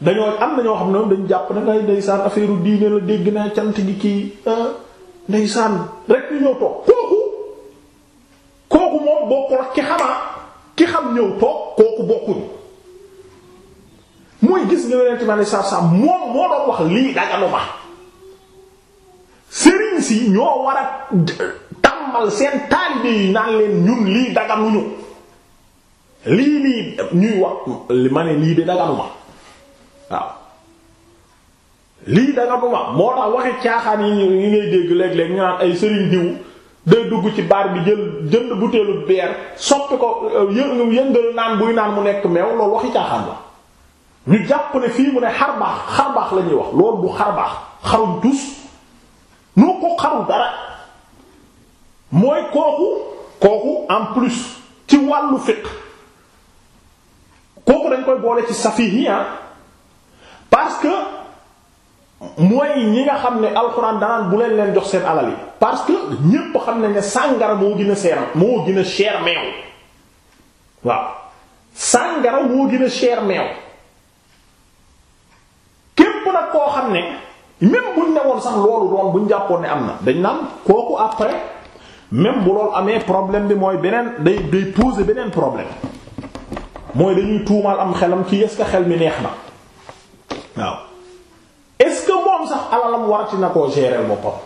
dañoo am na ñoo xam ne moom dañu jàpp ne ngay ndeysaan affaire diine la dégg naa cant gi kii ah, ndeysaan rek ñu ñëw toog kooku kooku moom bokkul ak ki xamaa ki xam ñëw toog kooku bokkuñu. mooy gis nga yonent bi aleyhi salaatu salaam moom moo doon wax lii daganu sëriñ si ñoo war a tàmmal seen taalibe yi naan leen ñun lii daganuñu lii lii ñuy wax ma ne lii de daganu waaw lii daganu moo tax waxi caaxaan yi ñu ngay dégg léeg-léeg ñu naan ay sëriñ diw day dugg ci baar bi jël jënd butéelu beer soppi ko yëngal naan buy naan mu nekk meew loolu waxi caaxaan la ñu jàpp ne fii mu ne xar baax xar baax la ñuy wax loolu bu xar baax xarum tus noo ko xaru dara mooy kooku kooku en plus ci wàllu fiqh kooku dañ koy boole ci safihi ah, parce que mooy ñi nga xam ne alxuraan danaan bu leen leen jox seen alal yi parce que ñépp xam nañ ne sàngara moo gën a moo gën a cher meew waaw sàngara moo gën a cher meew nag koo xam ne même buñ ne woon sax loolu doon buñ jàppoon ne am na dañ naan kooku après même bu loolu amee problème bi mooy beneen day day poser beneen problème mooy dañuy tuumaal am xelam ci est xel mi neex na waaw est-ce que moom sax alalam warati na koo gérer boppam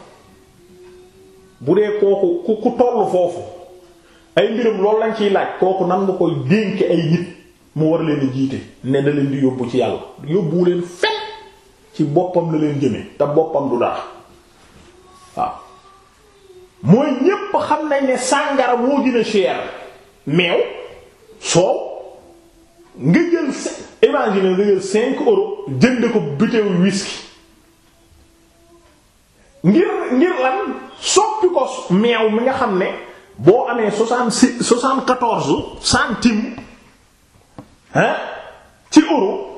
bu dee kooku ku ku tollu foofu ay mbirum loolu lañ ciy laaj kooku nan nga koy dénk ay nit mu war leen a jiite ne da di yóbbu ci yàlla yóbbu leen ci boppam la leen jëme te boppam du dara waaw mooy ñépp xam nañ ne sàngara moo gën a cher meew soow nga jël imagine nga jël cinq euros jënd ko butéelu whisky ngir ngir lan soppi ko meew mi nga xam ne boo amee soixante-six soixante-quatorze centimes hein ci euro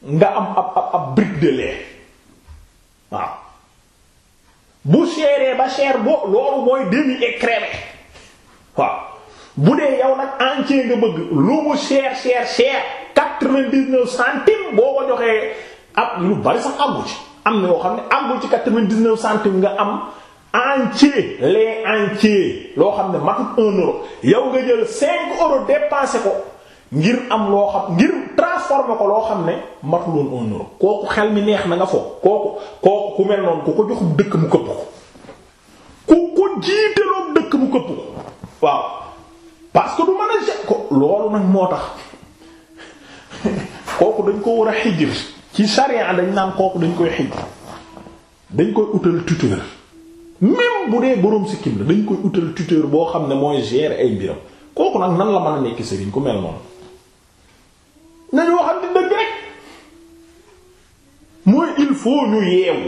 nga am ab ab ab brique de lait waaw bu seeree ba cher bo loolu mooy demi écrémé waaw bu dee yow nag entier nga bëgg lu mu seer seer seer quatre-vingt-dix-neuf centimes boo ko joxee ab lu bari sax àggu ci am na yoo xam ne àggul ci quatre-vingt-dix-neuf centimes nga am entier lait entier loo xam ne matut un euro yow nga jël cinq euros dépensé ko ngir am loo xam ngir transformer ko loo xam ne matuloon un euro kooku xel mi neex na nga foog kooku kooku ku mel noonu ku ko joxum dëkk mu këpp ko ku ko jiiteloon dëkk mu këpp ko que du mën loolu nag moo tax kooku dañ ko war a xijir ci charia dañ naan kooku dañ koy xijir dañ koy utal tuteur même bu dee boroom sikkim la dañ koy utal tuteur boo xam ne mooy gérer ay mbiram kooku nag nan la mën a nekk sëriñ ku mel noonu nañu waxante dëgg rek mooy il faut ñu yeewu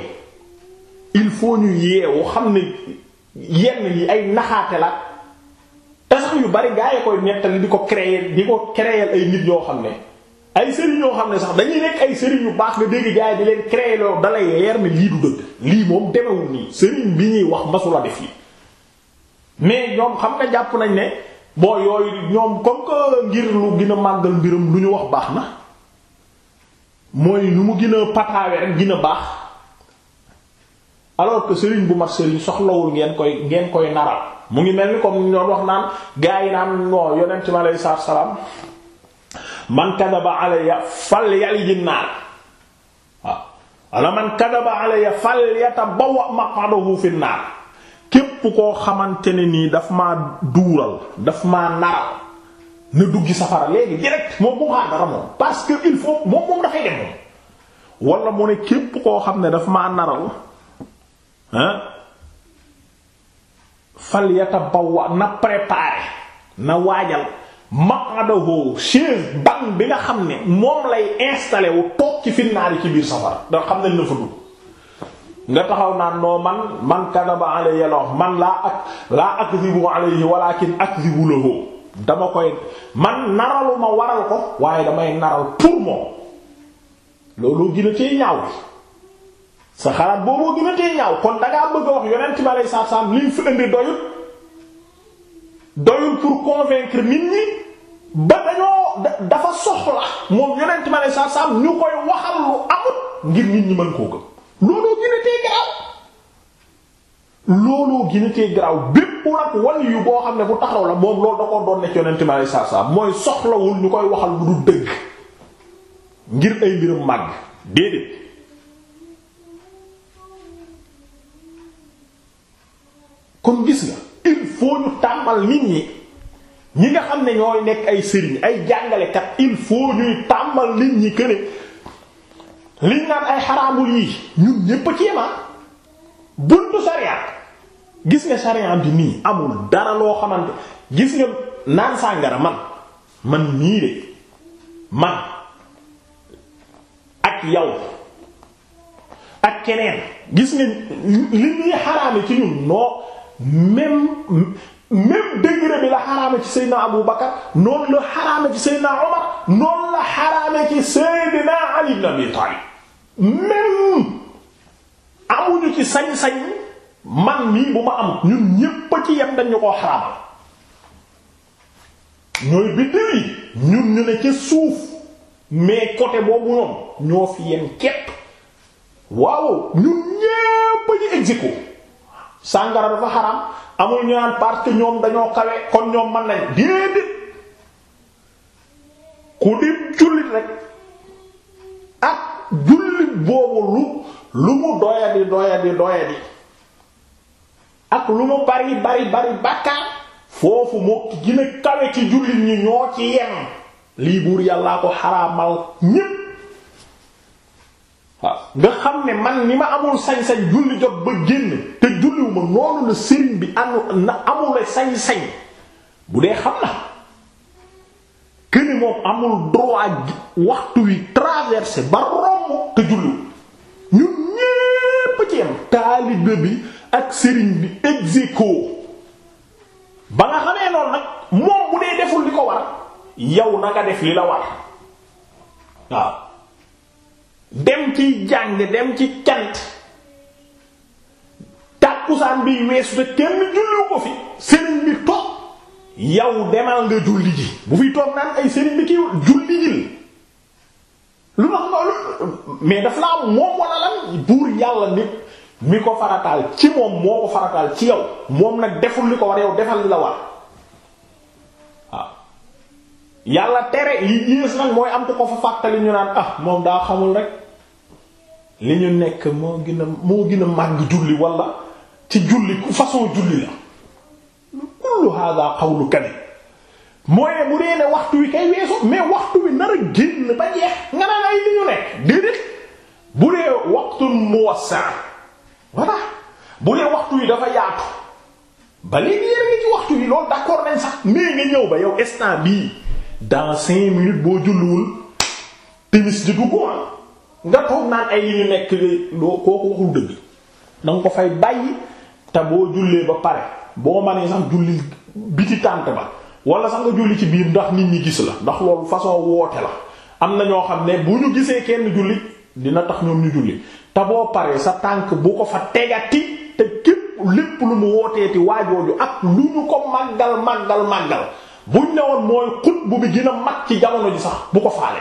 il faut ñu yeewu xam ne yenn yi ay naxaate la te sax yu bari gaa yi koy nettali di ko créer di ko créer ay nit ñoo xam ne ay sëriñ ñoo xam ne sax dañuy nekk ay sëriñ yu baax nga dégg jaay di leen créer loolu dalay leer ne lii du dëgg lii moom demewul nii sëriñ bi ñuy wax masula def yi mais ñoom xam nga jàpp nañ ne boo yooyu ñoom comme que ngir lu gën a màggal mbiram lu ñu wax baax na mooy nu mu gën a pataawe rek gën a baax alors que sëriñ bu mat sëriñ soxlawul ngeen koy ngeen koy naral mu ngi mel ni comme ñoom wax naan gaa yi naan non yonent mi aleyhi salaatu salaam man kadaba alayya falyalijin naar waaw wala man kadaba alayya falyatabawwa maq'adahu fin naar képp koo xamante ne nii daf maa duural dafa maa naral na duggi safara léegi direct moom bu xaar dara moom parce il faut moom moom dafay dem moom wala mu ne képp koo xam ne dafa maa naral hein fal yatabawwa na préparer na waajal maqadahu chaise ban bi nga xam ne moom lay installer wu toog ci finnaari ci biir safara da xam ne na fa dugg nga taxaw naan noo man man kadaba alayya la wax man laa ak laa akzibu alayhi walakin akzibu lahu a tee ñaaw sa xalaat booboo gën a tee ñaaw kon dangaa bëgg a wax dafa soxla moom waxal lu amut ngir nit ñi mën koo gëm looloo gën a tee looloo gën a bépp nag wàll yu boo xam ne bu taxaw la moom loolu da koo doon nekk yonent ma lay saa mooy soxlawul ñu koy waxal lu du dëgg ngir ay mbiram màgg déedéet. kon gis nga il faut ñu tàmbal nit ñi ñi nga xam ne ñooy nekk ay sëriñ ay jàngalekat il faut ñuy tàmbal nit ñi que liñ naan ay xaraamul yii ñun ñépp ci yema buntu sariya gis nga sariya bi nii amul dara loo xamante gis nga naan sàngara man man nii de man ak yow ak keneen gis nga li ñuy xaraame ci ñun noo même même degré bi la xaraame ci Seydina Abu Bakar noonu la xaraame ci Seydina Omar noonu la xaraame ci Seydina Ali ibn Abi Talib même amuñu ci sañ-sañ man mii bu ma am ñun ñépp ci yem dañu koo xaraamal ñooy biddiw yi ñun ñu ne ci suuf mais côté boobu noonu ñoo fi yem képp waaw ñun ñépp a ñu exéco sàngara dafa xaraam amul ñu naan parce que ñoom dañoo kawe kon ñoom mën nañ déedéet ku di jullit rek ak jullit boobu lu lu mu doyadi doyadi doyadi ak lu mu bari bari bari foofu moo gën a kawe ci jullit ñi ñoo ci yem lii buur yàllaa ko xaraamal ñépp nga xam ne man ni ma amul sañ-sañ julli jot ba génn te julliwuma noonu la sëriñ bi am na amule sañ-sañ bu dee xam na këni moom amul droit waxtu wi traversé ba te jullu ñun ñépp ci yam taalibe bi ak sëriñ bi exéco ba nga xamee noonu nag moom bu dee deful li ko war yow na nga def li la war waaw dem ci jàng dem ci cant tàkkusaan bi weesu te kenn julliwu ko fi sëriñ bi toog yow demal nga julli ji bu fi toog naan ay sëriñ bi ki julli jil lu tax loolu mais daf la am moom wala lan buur yàlla nit mi ko farataal ci moom moo ko farataal ci yow moom nag deful li ko war yow defal la war yàlla tere li yées nag mooy am ku ko fa fàttali ñu naan ah moom daa xamul rek li ñu nekk moo gën a moo gën a màgg julli wala ci julli façon julli la kullu hada qawlu kadhib mooy bu dee ne waxtu wi kay weesu mais waxtu wi nar a génn ba jeex nga naan ay li ñu nekk déedéet bu dee waxtu muwassa voilà bu dee waxtu wi dafa yaatu ba léegi yéen ngi ci waxtu wi loolu d'accord ñëw ba yow instant bii dans cinq minutes boo julluwul timis di dugg nga toog naan ay li ñu nekk doo kooku waxul dëgg da ko fay bàyyi te boo jullee ba pare boo mënee sax julli biti tànt ba. wala sax nga julli ci biir ndax nit ñi gis la ndax loolu façon woote la am na ñoo xam ne bu ñu gisee kenn julli dina tax ñoom ñu julli te boo paree sa tànk bu ko fa tegati te képp lépp lu mu wooteeti waajooju ak lu ñu ko màggal màggal màggal buñ ne woon mooy xutbu bi gën a mag ci jamono ji sax bu ko faale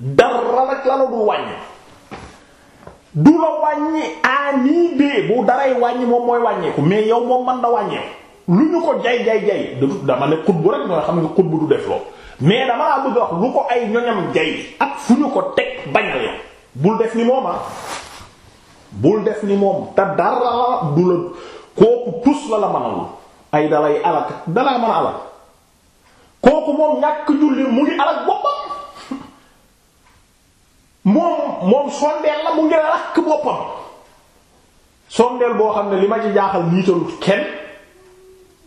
dara la la du wàññi du la wàññi ani bee bu daray wàññi moom mooy wàññeeku mais yow moom man na wàññeeku lu ñu ko jay jay jay dama ne xutbu rek mooy xam nga bu du def lool mais dama laa bëgg wax lu ko ay ñoñam jay ak fu ñu ko teg bañ la yoon bul def ni moom ah bul def ni moom te dara du la kooku tus la la manalul ay dalay alak dalaa mën a alak kooku moom ñàkk julli mu ngi alak boppam moom moom sondeel la mu ngi alak boppam sondeel boo xam ne li ma ci jaaxal niitalut kenn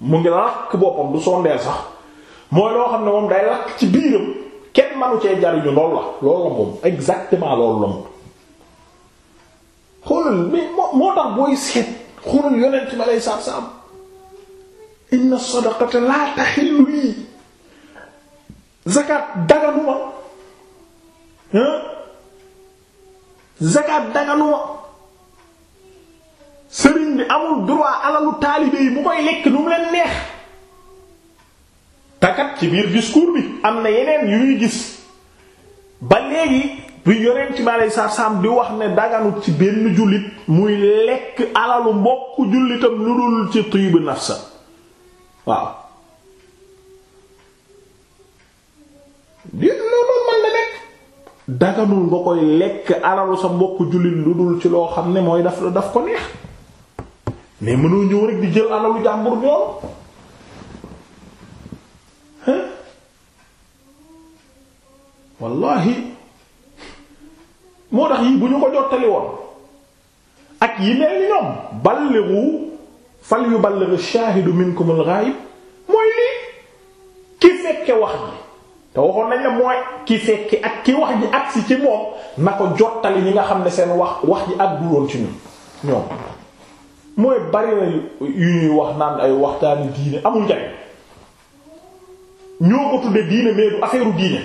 mu ngi lakk boppam du sondeel sax mooy loo xam ne moom day lakk ci biiram kenn manu cee jariñu loolu la loolu la moom exactement loolu la moom xoolal mais moo tax booy seet xoolal yonent ma lay saab-saab inna sadaqata laa taxillu lii zakat daganuma zakat daganuma sëriñ bi amul droit alalu taalibe yi mu koy lekk nu mu leen neex takat ci biir discours bi am na yeneen yu ñuy gis ba léegi bu yonent bi aleyhi salaatu salaam di wax ne daganut ci benn jullit muy lekk alalu mbokku jullitam lu dul ci tiib nafsa waaw di loolu mën na nekk daganul nga sa mbokku jullit lu dul ci loo xam ne mooy daf daf ko neex mais mënoo ñëw rek di jël alalu jàmbur ñoom wallahi moo tax yii bu ñu ko jottali woon ak yi mel ni ñoom ballighu fal yuballigh ash-shahidu minkum al mooy lii ki fekke wax ji te waxoon nañ la mooy ki fekke ak ki wax ji agsi ci moom na ko jottali ñi nga xam ne seen wax wax ji ak du woon ci ñun ñoom mooy bari na yu ñuy wax naan ay waxtaani diine amul njariñ ñoo ko tudde diine mais du affaire diine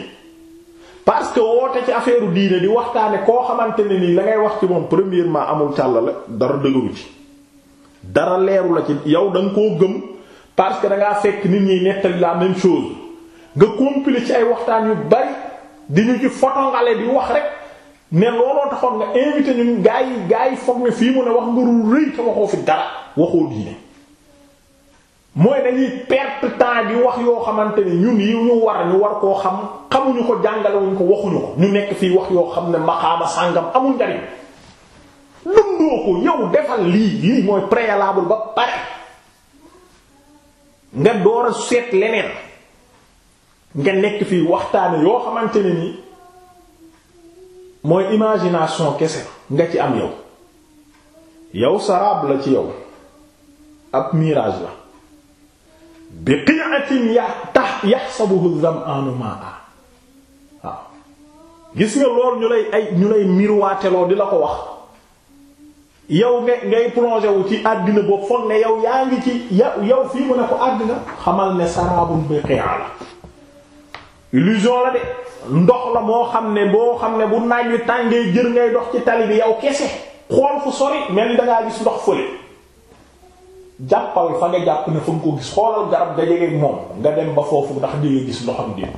parce que woote ci affaire diine di waxtaane koo xamante ni nii la ngay wax ci moom premièrement amul càllale dara dëgëru ci dara leeru la ci yow da nga koo gëm parce que da ngaa fekk nit ñi nettali la même chose nga compiler ci ay waxtaan yu bari di ñu ci fotongaale di wax rek ne looloo taxoon nga invité gaa yi gaa yi foog ne fii mu ne wax nga lu rëy te waxoo fi dara waxoo diine mooy dañuy perte temps di wax yoo xamante ni ñun yi ñu war ñu war koo xam xamuñu ko jàngale jàngalewuñ ko waxuñu ko ñu nekk fii wax yoo xam ne maxaama sàngam amul njariñ dundoo ko yow defal lii lii mooy préalable ba pare nga door a seet leneen nga nekk fii waxtaane yoo xamante ni nii mooy imagination kese nga ci am yow yow saraab la ci yow ab mirage la bi qi'atin ya tax yaxsabuhu dham'anu ma'a waaw gis nga lool ñu lay ay ñu lay miroiteloo di la ko wax yow nga ngay plongé ci àddina boobu foog ne yow yaa ngi ci yow fii mu ne ko àddina xamal ne saraabun biqi'a la illusion la de ndox la moo xam ne boo xam ne bu naaj wi tàngee jër ngay dox ci tali bi yow kese xool fu sori mel da ngaa gis ndox fële jàppal fa nga jàpp ne fa nga ko gis xoolal garab nga jege moom nga dem ba foofu ndax dégg gis ndoxam déet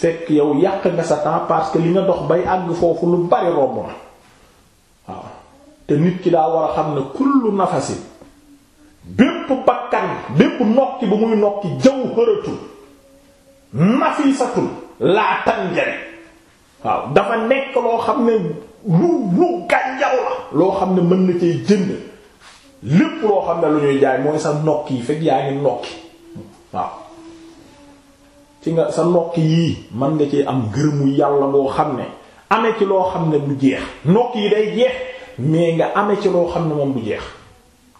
fekk yow yàq nga sa temps parce que li nga dox bay àgg foofu lu bari romb na waaw te nit ki daa war a xam ne kullu nafasin bépp bakkan bépp nokki bu muy nokki jaw xëratu nafisatun laa tanjari waaw dafa nekk loo xam ne lu lu gànjaw la loo xam ne mën na cee jënd lépp loo xam ne lu ñuy jaay mooy sa nokk yi fekk yaa ngi waaw ci nga sa nokk yii mën nga cee am gërëmu yàlla loo xam ne ame ci loo xam ne du jeex nokk yi day jeex mais nga ame ci loo xam ne moom bu jeex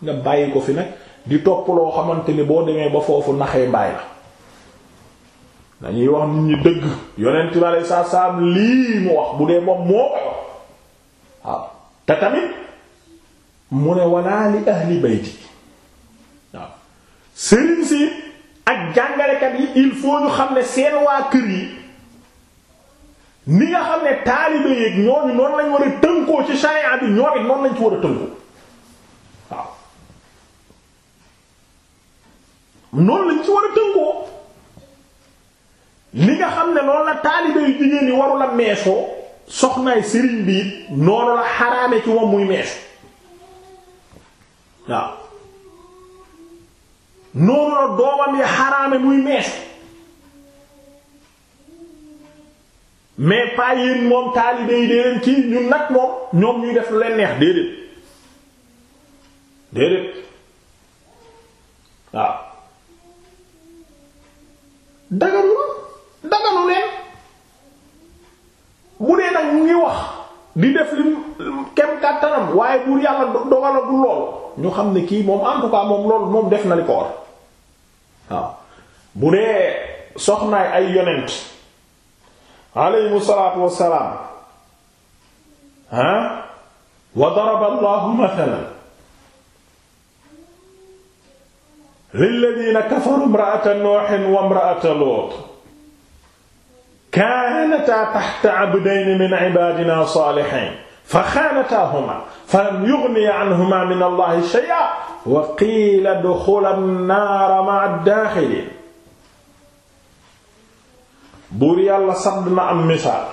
nga bàyyi ko fi nag di topp loo xamante ni boo demee ba foofu naxee mbaay la nañuy wax nit ñi dëgg yonent bi aleyhi salaatu lii mu wax bu dee moom moo waaw te tamit mu ne walaa li ahli bayti waaw sëriñ si ak jàngalekat yi il faut ñu xam ne seen waa kër yi ni nga xam ne taalibe yeeg ñooñu noonu lañ war a tënkoo ci sharia bi ñoom it noonu lañ ci war a tënkoo waaw noonu lañ ci war a tënkoo li nga xam ne noonu la taalibe yu jigéen yi la meesoo soxnaay sëriñ bi it noonu la xaraame ci moom muy meesu waaw noonu la doomam yi xaraame muy meesu mais pas yéen moom taalibe yi déedéet kii ñun nag moom ñoom ñuy def lu neex déedéet déedéet waaw ngi wax di def lim kem kàttanam waaye buur yàlla dogalagul lool ñu xam ne kii moom en tout moom loolu moom def na li ko war waaw bu dee soxnaay ay yonent aleyhimu salaatu wassalaam ha wa daraba allahu mathalan lilladina kafaru imra'ata nuuhin wa imra'ata luut kaanataa taxta abdayni min ibaadina saalihiin fa xaanataahumaa falam yughniyaa anhumaa min Allahi shay'an wa qiila udxulaa nnaara ma'a daaxiliin buur yàlla sadd na am misaal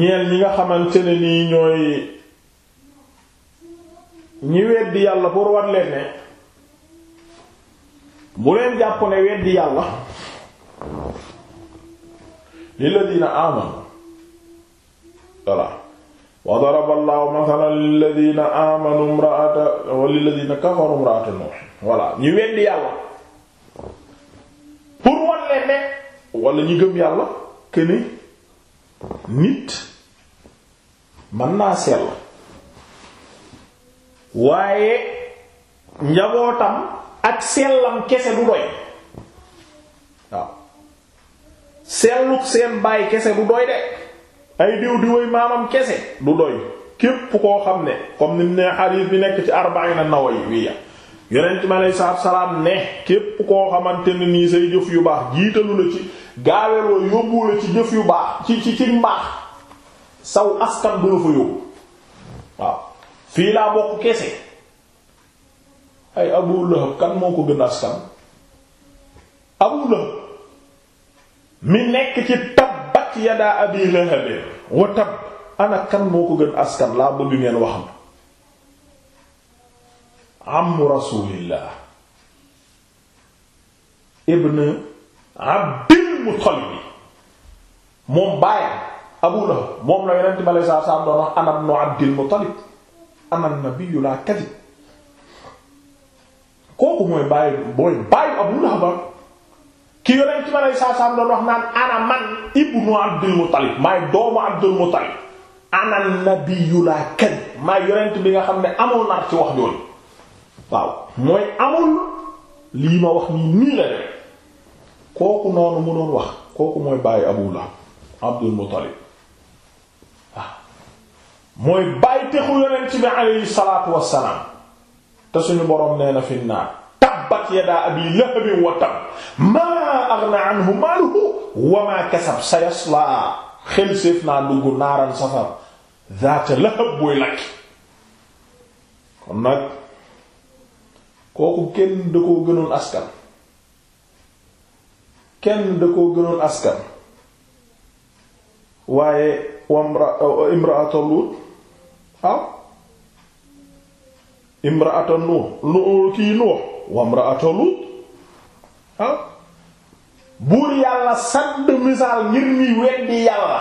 ñeel ñi nga xamante ne nii ñooy ñi weddi yàlla pour war leen ne bu leen jàpp ne weddi yàlla lilladina amanu voilà wa daraba allahu mathalan lilladina amanu imra'ata wa lilladina kafaru imra'ata nuh voilà ñu weddi yàlla pour wan leen ne wala ñu gëm yàlla que nit mën naa sell waaye njabootam ak sellam kese du doy waaw selluk seen baay kese du doy de ay diw diwéy maamam kese du doy képp koo xam ne comme ni ne xadiis bi nekk ci arba'ina nawawiya yonent mi aleyhi salaatu salaam ne képp koo xamante ne nii say jëf yu baax jiitalu la ci gaaweloo yóbbu la ci jëf yu baax ci ci ci mbaax saw askan du la fa yóbbu waaw fii laa bokk kese ay Abu kan moo ko gën askan Abu Lahab mi nekk ci tabbat yadaa Abi Lahab wa tab ana kan moo ko gën askan laa bëgg ngeen wax ma am Rasulillah ibn Abdil Muttalib moom baayam Abu moom la Yonent bi sallallahu alayhi wa doon wax ana ibn Abdil Muttalib ana nabiyyu laa kadhib kooku mooy bàyyi booy bàyyi Abu Lahab ki yonent bi alayhi salaam doon wax naan ana man ibnu Abdul Muttalib maay doomu Abdul Muttalib ana nabiyyu laa kenn maay yonent bi nga xam ne amul nar ci wax joon waaw mooy amul lii ma wax nii nii la de kooku noonu mu doon wax kooku mooy bàyyi Abu Lahab Abdul Muttalib mooy bàyyi texu yonent bi alayhi salaatu wassalaam te suñu boroom nee na tabbat yadaa abi lahabin wa tab maa aghna anhu maaluhu wa maa kasab sayaslaa xel séef naa dugg naaran safar zaata lahab buy nag kooku kenn da koo gënoon askan kenn da koo gënoon askan waaye wamra imra'atul lut ah? imraata nuux nu kii nuux wa imraata lut ah. buur yàlla sadd misaal ngir ñuy weddi yàlla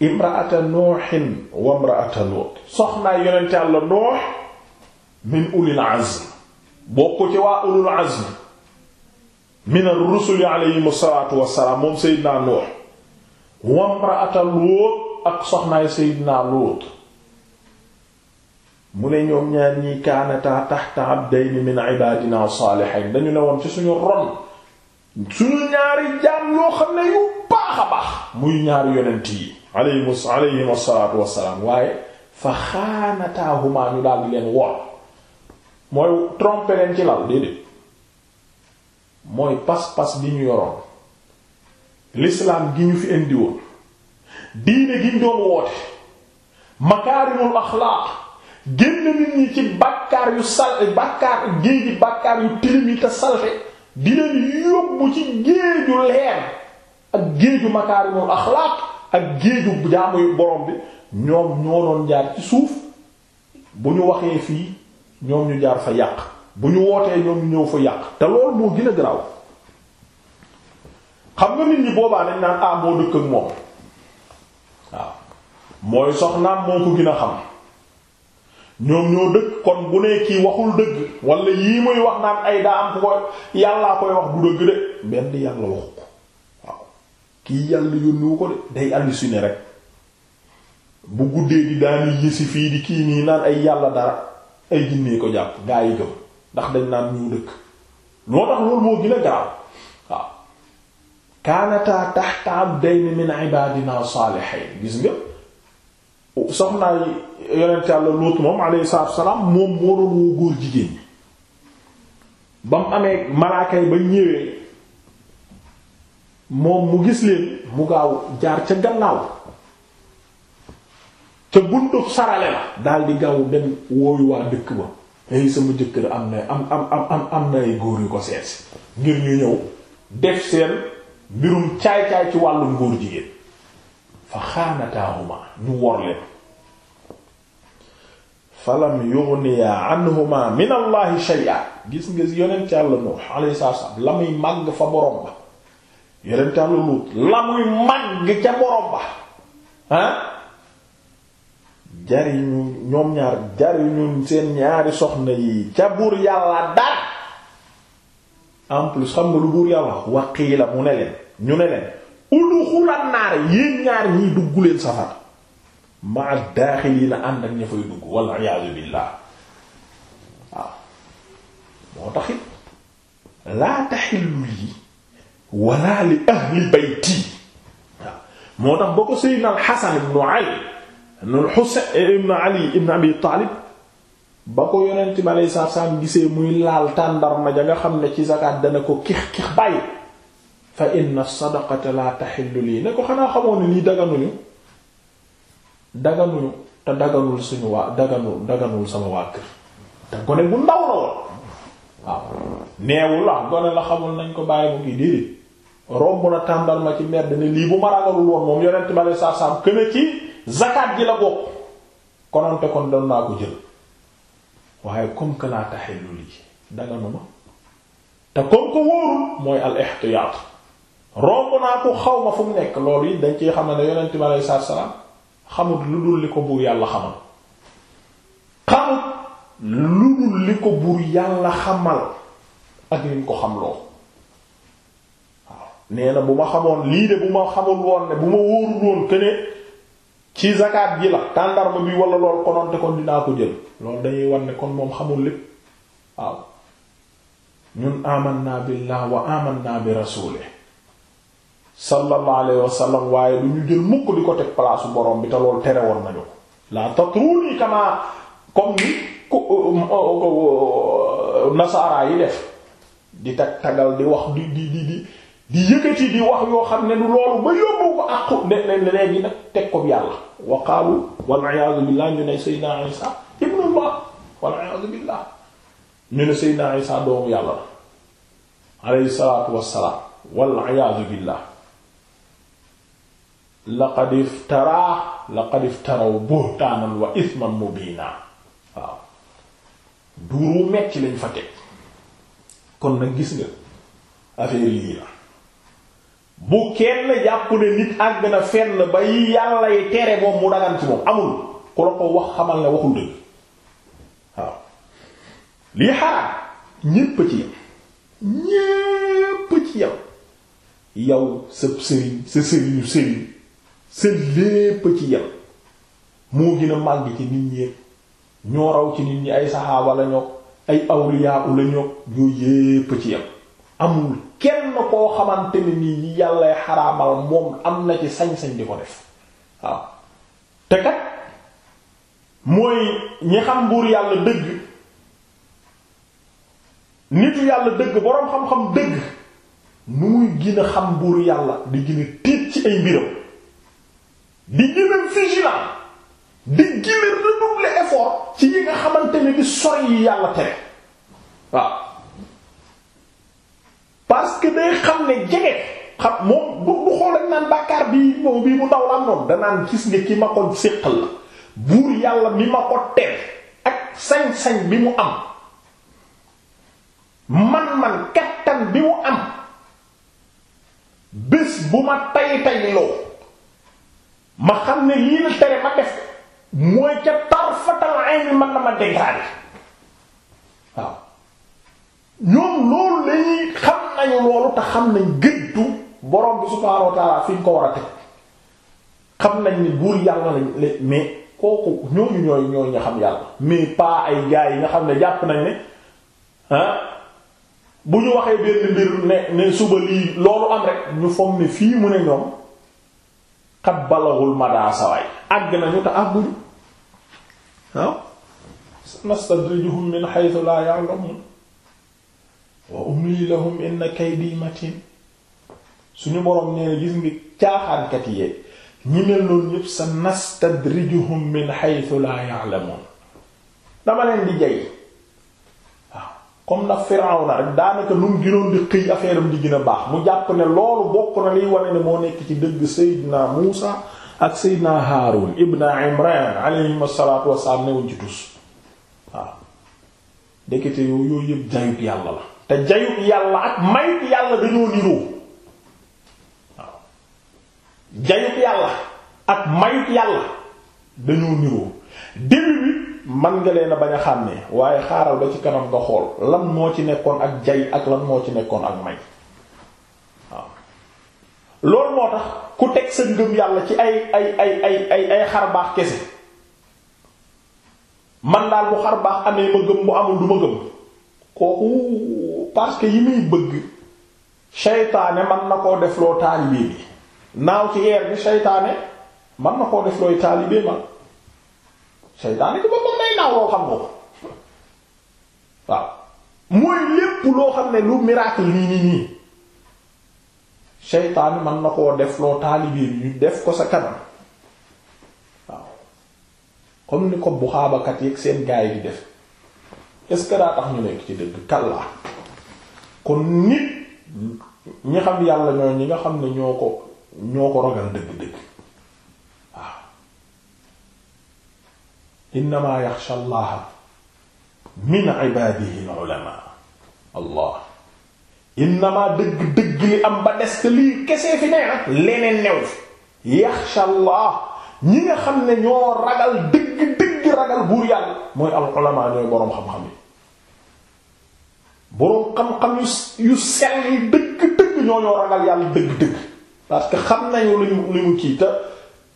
imraata nuuxin wa imraata lut soxnaay yonent yàlla nuux min ulil azm bokk ci waa ulul azm min ar-rusuli alayhim salaatu moom seydinaa nuux wa imraata lut ak soxnaay seydinaa lut mu ne ñoom ñaar ñi kaanata tahta abdayni min ibadina saalihiin dañu ne woon ci suñu ron suñu ñaari jaam yoo xam ne yu baax a baax muy ñaari yonent yi alayhim alayhim asalaatu wassalaam waaye fa xaanataahuma ñu daal di leen wor mooy tromper leen ci lal déedéet mooy pas-pas bi ñu yoroon l'islam gi ñu fi indiwoon diine gi ñu doon woote makaarimul axlaaq génn nit ñi ci bàkkaar yu sal bàkkaar géeji bàkkaar yu tilim yi te salte di leen yóbbu ci géeju leer ak géeju makaarimul axlaaq ak géeju jaamu yu borom bi ñoom ñoo doon jaar ci suuf bu ñu waxee fii ñoom ñu jaar fa yàq bu ñu wootee ñoom ñëw fa yàq te loolu moo gën a garaaw xam nga nit ñi boobaa dañ naan ah moo dëkk ak moom waaw mooy soxnaam moo ko gën a xam ñoom ñoo dëkk kon bu ne kii waxul dëgg wala yii muy wax naan ay daa am ku ko yàllaa koy wax du dëgg de benn yàlla waxu ko waaw kii yàlla yónniwu ko de day halluciné rek bu guddee di daani yësi fii di kii nii naan ay yàlla dara ay jinnee ko jàpp gaa yi ndax dañ naan ñu dëkk loo tax loolu moo gën a garaaw waaw kaanataa tahta abdayn min ibadina salihin gis nga soxnaay yonent yàlla Luut moom alayhi salaatu moom moo doon woo góor jigéen ba mu amee malaaka yi ba ñëwee moom mu gis leen mu gaaw jaar ca gannaaw ca buntu sarale la daldi di gaaw dem wooyu waa dëkk ba ay sama jëkkër am na am am am am na ay góor yu ko seetsi ngir ñu ñëw def seen mbirum caay-caay ci wàllum góor jigéen fa xaanataahuma ñu wor falam yughniya anhuma min allahi shay'a gis nga yonent yàlla Nuux alayhi salaam la muy màgg fa borom ba yonent yàlla Luut la muy màgg ca borom ba ah jariñu ñoom ñaar jariñu seen ñaari soxna yi ca buur yàlla dara en plus xam nga lu buur yàlla waqiila mu ne leen ñu ne leen udxulan naar yéen ñaar ñiy dugg leen safara maa daaxil yi la ànd ak ña fay dugg walla iyaazu billaah waaw moo taxit laa taxillu li ahli bayti moo tax boo ko sayyidina al-Hasan Ali ibnu Abi Taalib ba ko yonent bi alayhi salaatu salaam gisee muy laal tàndarma ja nga xam ne ci zakaat dana ko kix kix bàyyi fa inna as laa taxillu lii ne ko xanaa xamoon ne daganuñu daganuñu te daganul suñu waa daganul daganul sama waa kër te gone bu ndaw la woon waaw neewul la gone la xamul nañ ko bàyyi mu ngi déedéet romb na tàndal ma ci merde lii bu ma ragalul woon moom yonent bale saab ci zakat ji la bokk kononte kon doon naa ko jël waaye comme que laa lii daganu te comme que wóorul mooy al ihtiyaat romb naa ko xaw ma fu mu nekk loolu yi dañ ciy xam ne yonent bale saab-saab xamut lu dul li ko buur yàlla xamal xamut lu dul li ko buur yàlla xamal ak li ñu ko xamloo waaw nee na bu ma xamoon lii de bu ma xamul woon ne bu ma wóorul woon këne ci zakaat ji la tàndarma bi wala lool kononte kon dinaa ko jël loolu dañuy wan ne kon moom xamul lépp waaw ñun amanna billah wa amanna bi rasulih sallallahu alayhi wa sallam waaye du ñu jël mukk di ko teg place borom bi te loolu tere woon nañu ko la tatruni kama comme ni ku euh, euh, euh, nasaaraa yi def di tag tagal di wax di di di di di yëkkati di wax yoo xam ne du loolu ba yóbbu ko àqu ne ne léegi nag teg ko yàlla wa qaalu wal iyaadu ñu ne sayyidina Isa doomu yàlla la alayhi salaatu wassalaam wal iyaadu billah laqad iftara laqad iftaraw buhtaanan wa isman mubina waaw duuru metti lañ fa teg kon nag gis nga affaire yii la bu kenn jàpp ne nit àgg na fenn ba yàlla yi tere moom mu dagan ci moom amul ku la ko wax xamal ne waxul dëgg waaw lii xaraam ñépp ci yam ñépp ci yam yow sa sëriñ sa sëriñu sëriñ sa lépp ci yem moo gën a màgg ci nit ñi ñoo raw ci nit ñi ay saxaaba lañoo ñoo ay awliya la ñoo yooyu yépp ci yem amul kenn koo xamante ne nii yàllay xaraamal moom am na ci sañ-sañ di ko def waaw te kat mooy ñi xam buur yàlla dëgg nitu yàlla dëgg boroom xam-xam dëgg nu muy gën xam buur yàlla di gën tiit ci ay mbiram di gën a vigilant di gën a redoubler effort ci yi nga xamante ni di sori yi yàlla tere waaw parce que day xam ne jege xam moom bu bu xool ak naan bàkkaar bii mu ndaw la am noonu danaan gis nga ki ma ko séqal la buur yàlla mi ma ko teel ak sañ-sañ bi mu am man-man kattan bi mu am bés bu ma tay tay loo ma xam ne lii la tere ma def mooy ca tarfatal ayni man na ma dégrader waaw ñoom loolu lañuy xam nañu loolu te xam nañ gëddu borom bi subhaanahu wa xam nañ ni buur yàlla lañ mais kooku ñooñu ñooy ñooy ña xam yàlla mais yi nga xam ne jàpp nañ ah, bu ñu waxee benn mbir ne ne suba lii loolu am rek ñu foog ne fii mu ne ñoom. xat balawul madaa sawaay àgg nañu te àgguñu waaw nastadrijuhum min haythu la ya'lamun wa umli lahum inna kaydi matin suñu boroom nee gis ngi caaxaankat yee ñi mel noonu ñépp sa nastadrijuhum min haythu la ya'lamun dama leen di jey comme nag Firawna rek daanaka nu mu gënoon di xëy affaire di gën a baax mu jàpp ne loolu bokk na liy wane ne moo nekk ci dëgg Seydina Muusa ak Seydina Haarun ibn Imran alayhim salaatu wasalaam newuñ ci tus waaw ndekete yooyu yëpp jayut yàlla la te jayut yàlla ak mayut yàlla dañoo niroo waaw jayut yàlla ak mayut yàlla dañoo niroo début man nga leen a bañ a xàmmee waaye xaaral ba ci kanam nga xool lan moo ci nekkoon ak jay ak lan moo ci nekkoon ak may loolu moo tax ku teg sa ngëm yàlla ci ay ay ay ay ay xar baax kese man daal bu amul du ma gëm yi muy bëgg seytaane man na koo def loo taalibee bi naaw ci yeer bi seytaane man na koo def looy taalibee ma seytaane ko ba ngay naw loo xam nga ko waaw mooy lépp loo xam ne lu miracle nii nii nii seytaani mën na koo def loo taalibee bi def ko sa kanam waaw comme ni ko bu xaabakat yeeg seen gaay di def est-ce daa tax ñu nekk ci dëgg kallaa kon nit ñi xam yàlla ñoo ñi nga xam ne ñoo ko ñoo ko ragal dëgg-dëgg innama yaxsha allaha min ibaadihi al allah innama dëgg dëgg li am ba des te lii kese fi ne leneen new yaxsha allah ñi nga xam ne ñoo ragal dëgg dëgg ragal buur yàlla mooy al-ulamaa ñooy boroom xam-xam yi boroom xam yu sell yi dëgg dëgg ñoo ñoo ragal yàlla dëgg dëgg que xam nañu lu ñu lu ñu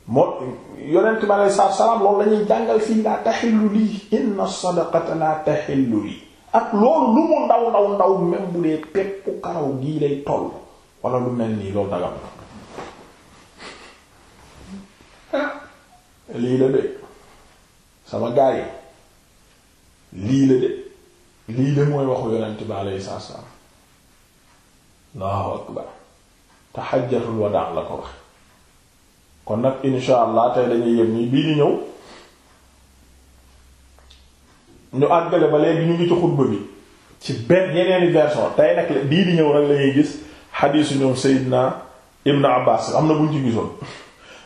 moo yonent bi aleyhi salaatu salaam loolu la jàngal fii laa taxillu lii inna sadaqata laa lii ak loolu lu mu ndaw ndaw ndaw même bu dee peppu karaw gii lay toll wala lu mel nii loolu dagam lii la de sama gaa yi lii la de lii la mooy waxu yonent bi aleyhi salaatu salaam Allahu akbar tahajjatul wadaa la ko wax kon nag insha allah tey dañuy yem nii bii di ñëw ñu àggale ba léegi ñu ngi ci xutba bi ci benn yeneeni version tey nag bii di ñëw lañuy gis xadiisu ñoom Seydina Ibn Abbas am na buñ ci gisoon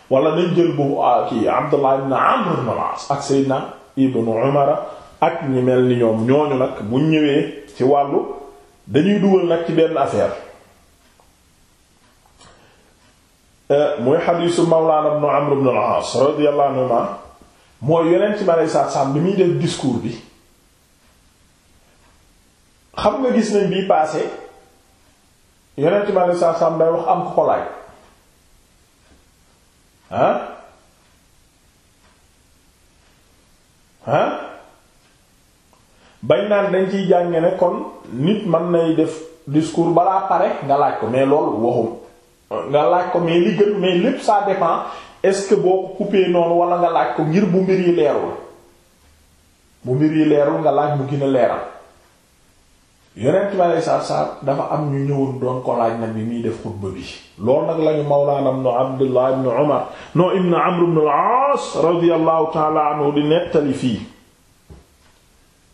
wala nañ jël bu ah, kii Abdullah ibn Amr ibn al-As ak Seydina Ibn Umar ak ñi mel ni ñoom ñooñu nag buñ ñëwee ci wàllu dañuy dugal nag ci benn affaire Euh, muy xadiisu Mawlaana ibnu Amr ibnu al-Aas radiyallahu anhuma mooy yeneen ci ma lay saat saam bi muy def discours bi xam nga gis nañ bi paase yeneen ci ma lay saat saam day wax am ko laaj ah ah bañ naan dañ ciy jànge ne kon nit mën nay def discours balaa pare nga laaj ko mais loolu waxum nga laaj ko mais li gën mais lépp ça dépend est boo ko noonu wala nga laaj ko ngir bu mbir yi leerul bu mbir yi leerul nga laaj mu gën a leeral yonent bi alei dafa am ñu ñëwoon doon ko laaj nag bi muy def xutba bi loolu nag lañu mawlaana ibnu abdullah ibnu umar no ibnu amr ibnu al-aas radiyallahu di nettali fii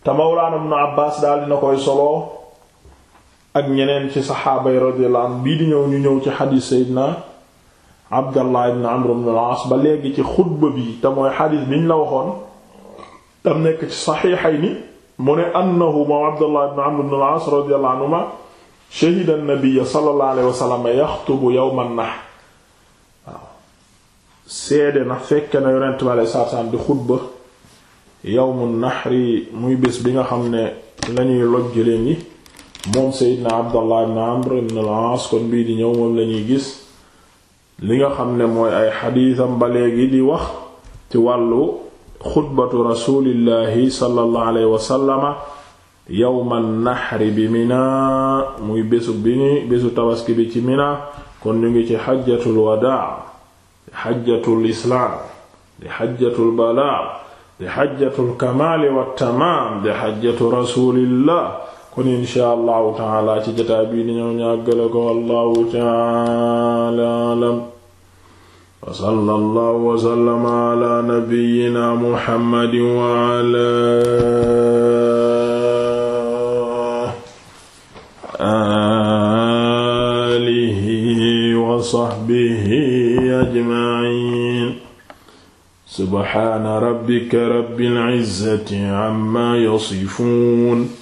te mawlaana ibnu abbaas daal dina koy solo ak ñeneen ci saxaaba yi radiyallahu anhu bii di ñëw ñu ñëw ci xadiis seydina abdallah ibn amr ibn al ba léegi ci xutba bi te mooy xadiis biñ la waxoon dam nekk ci saxiixayni mu ne annahu moom abdallah ibn amr ibn al-aas radiyallahu anhuma shahida an-nabiy waaw seede na fekk na yonent bi alayhi salaatu salaam di xutba yawmu an-nahri muy bés bi nga xam ne lañuy loj jëleen yi moom Seydina Abdallah ibn Amr ibn al kon bii di ñëw moom gis li nga xam ne mooy ay xadiisam ba léegi di wax ci wàllu xutbatu rasulillahi sallallahu alayhi wa sallama yawma nahri bi Mina muy bésu bi ni tabaski bi ci Mina kon ñu ngi ci xajjatul wadaa di xajjatul islaam di xajjatul balaa di xajjatul kamaali wa tamaam di xajjatu rasulillah kon insha allahu taala ci jotaay bii di ñëw ñàggale ko wallahu taala alam wa sallallahu wa sallama ala nabiyyina muhammadin wa ala alihi wa sahbihi ajma'in subhana rabbika rabbil izzati amma yasifun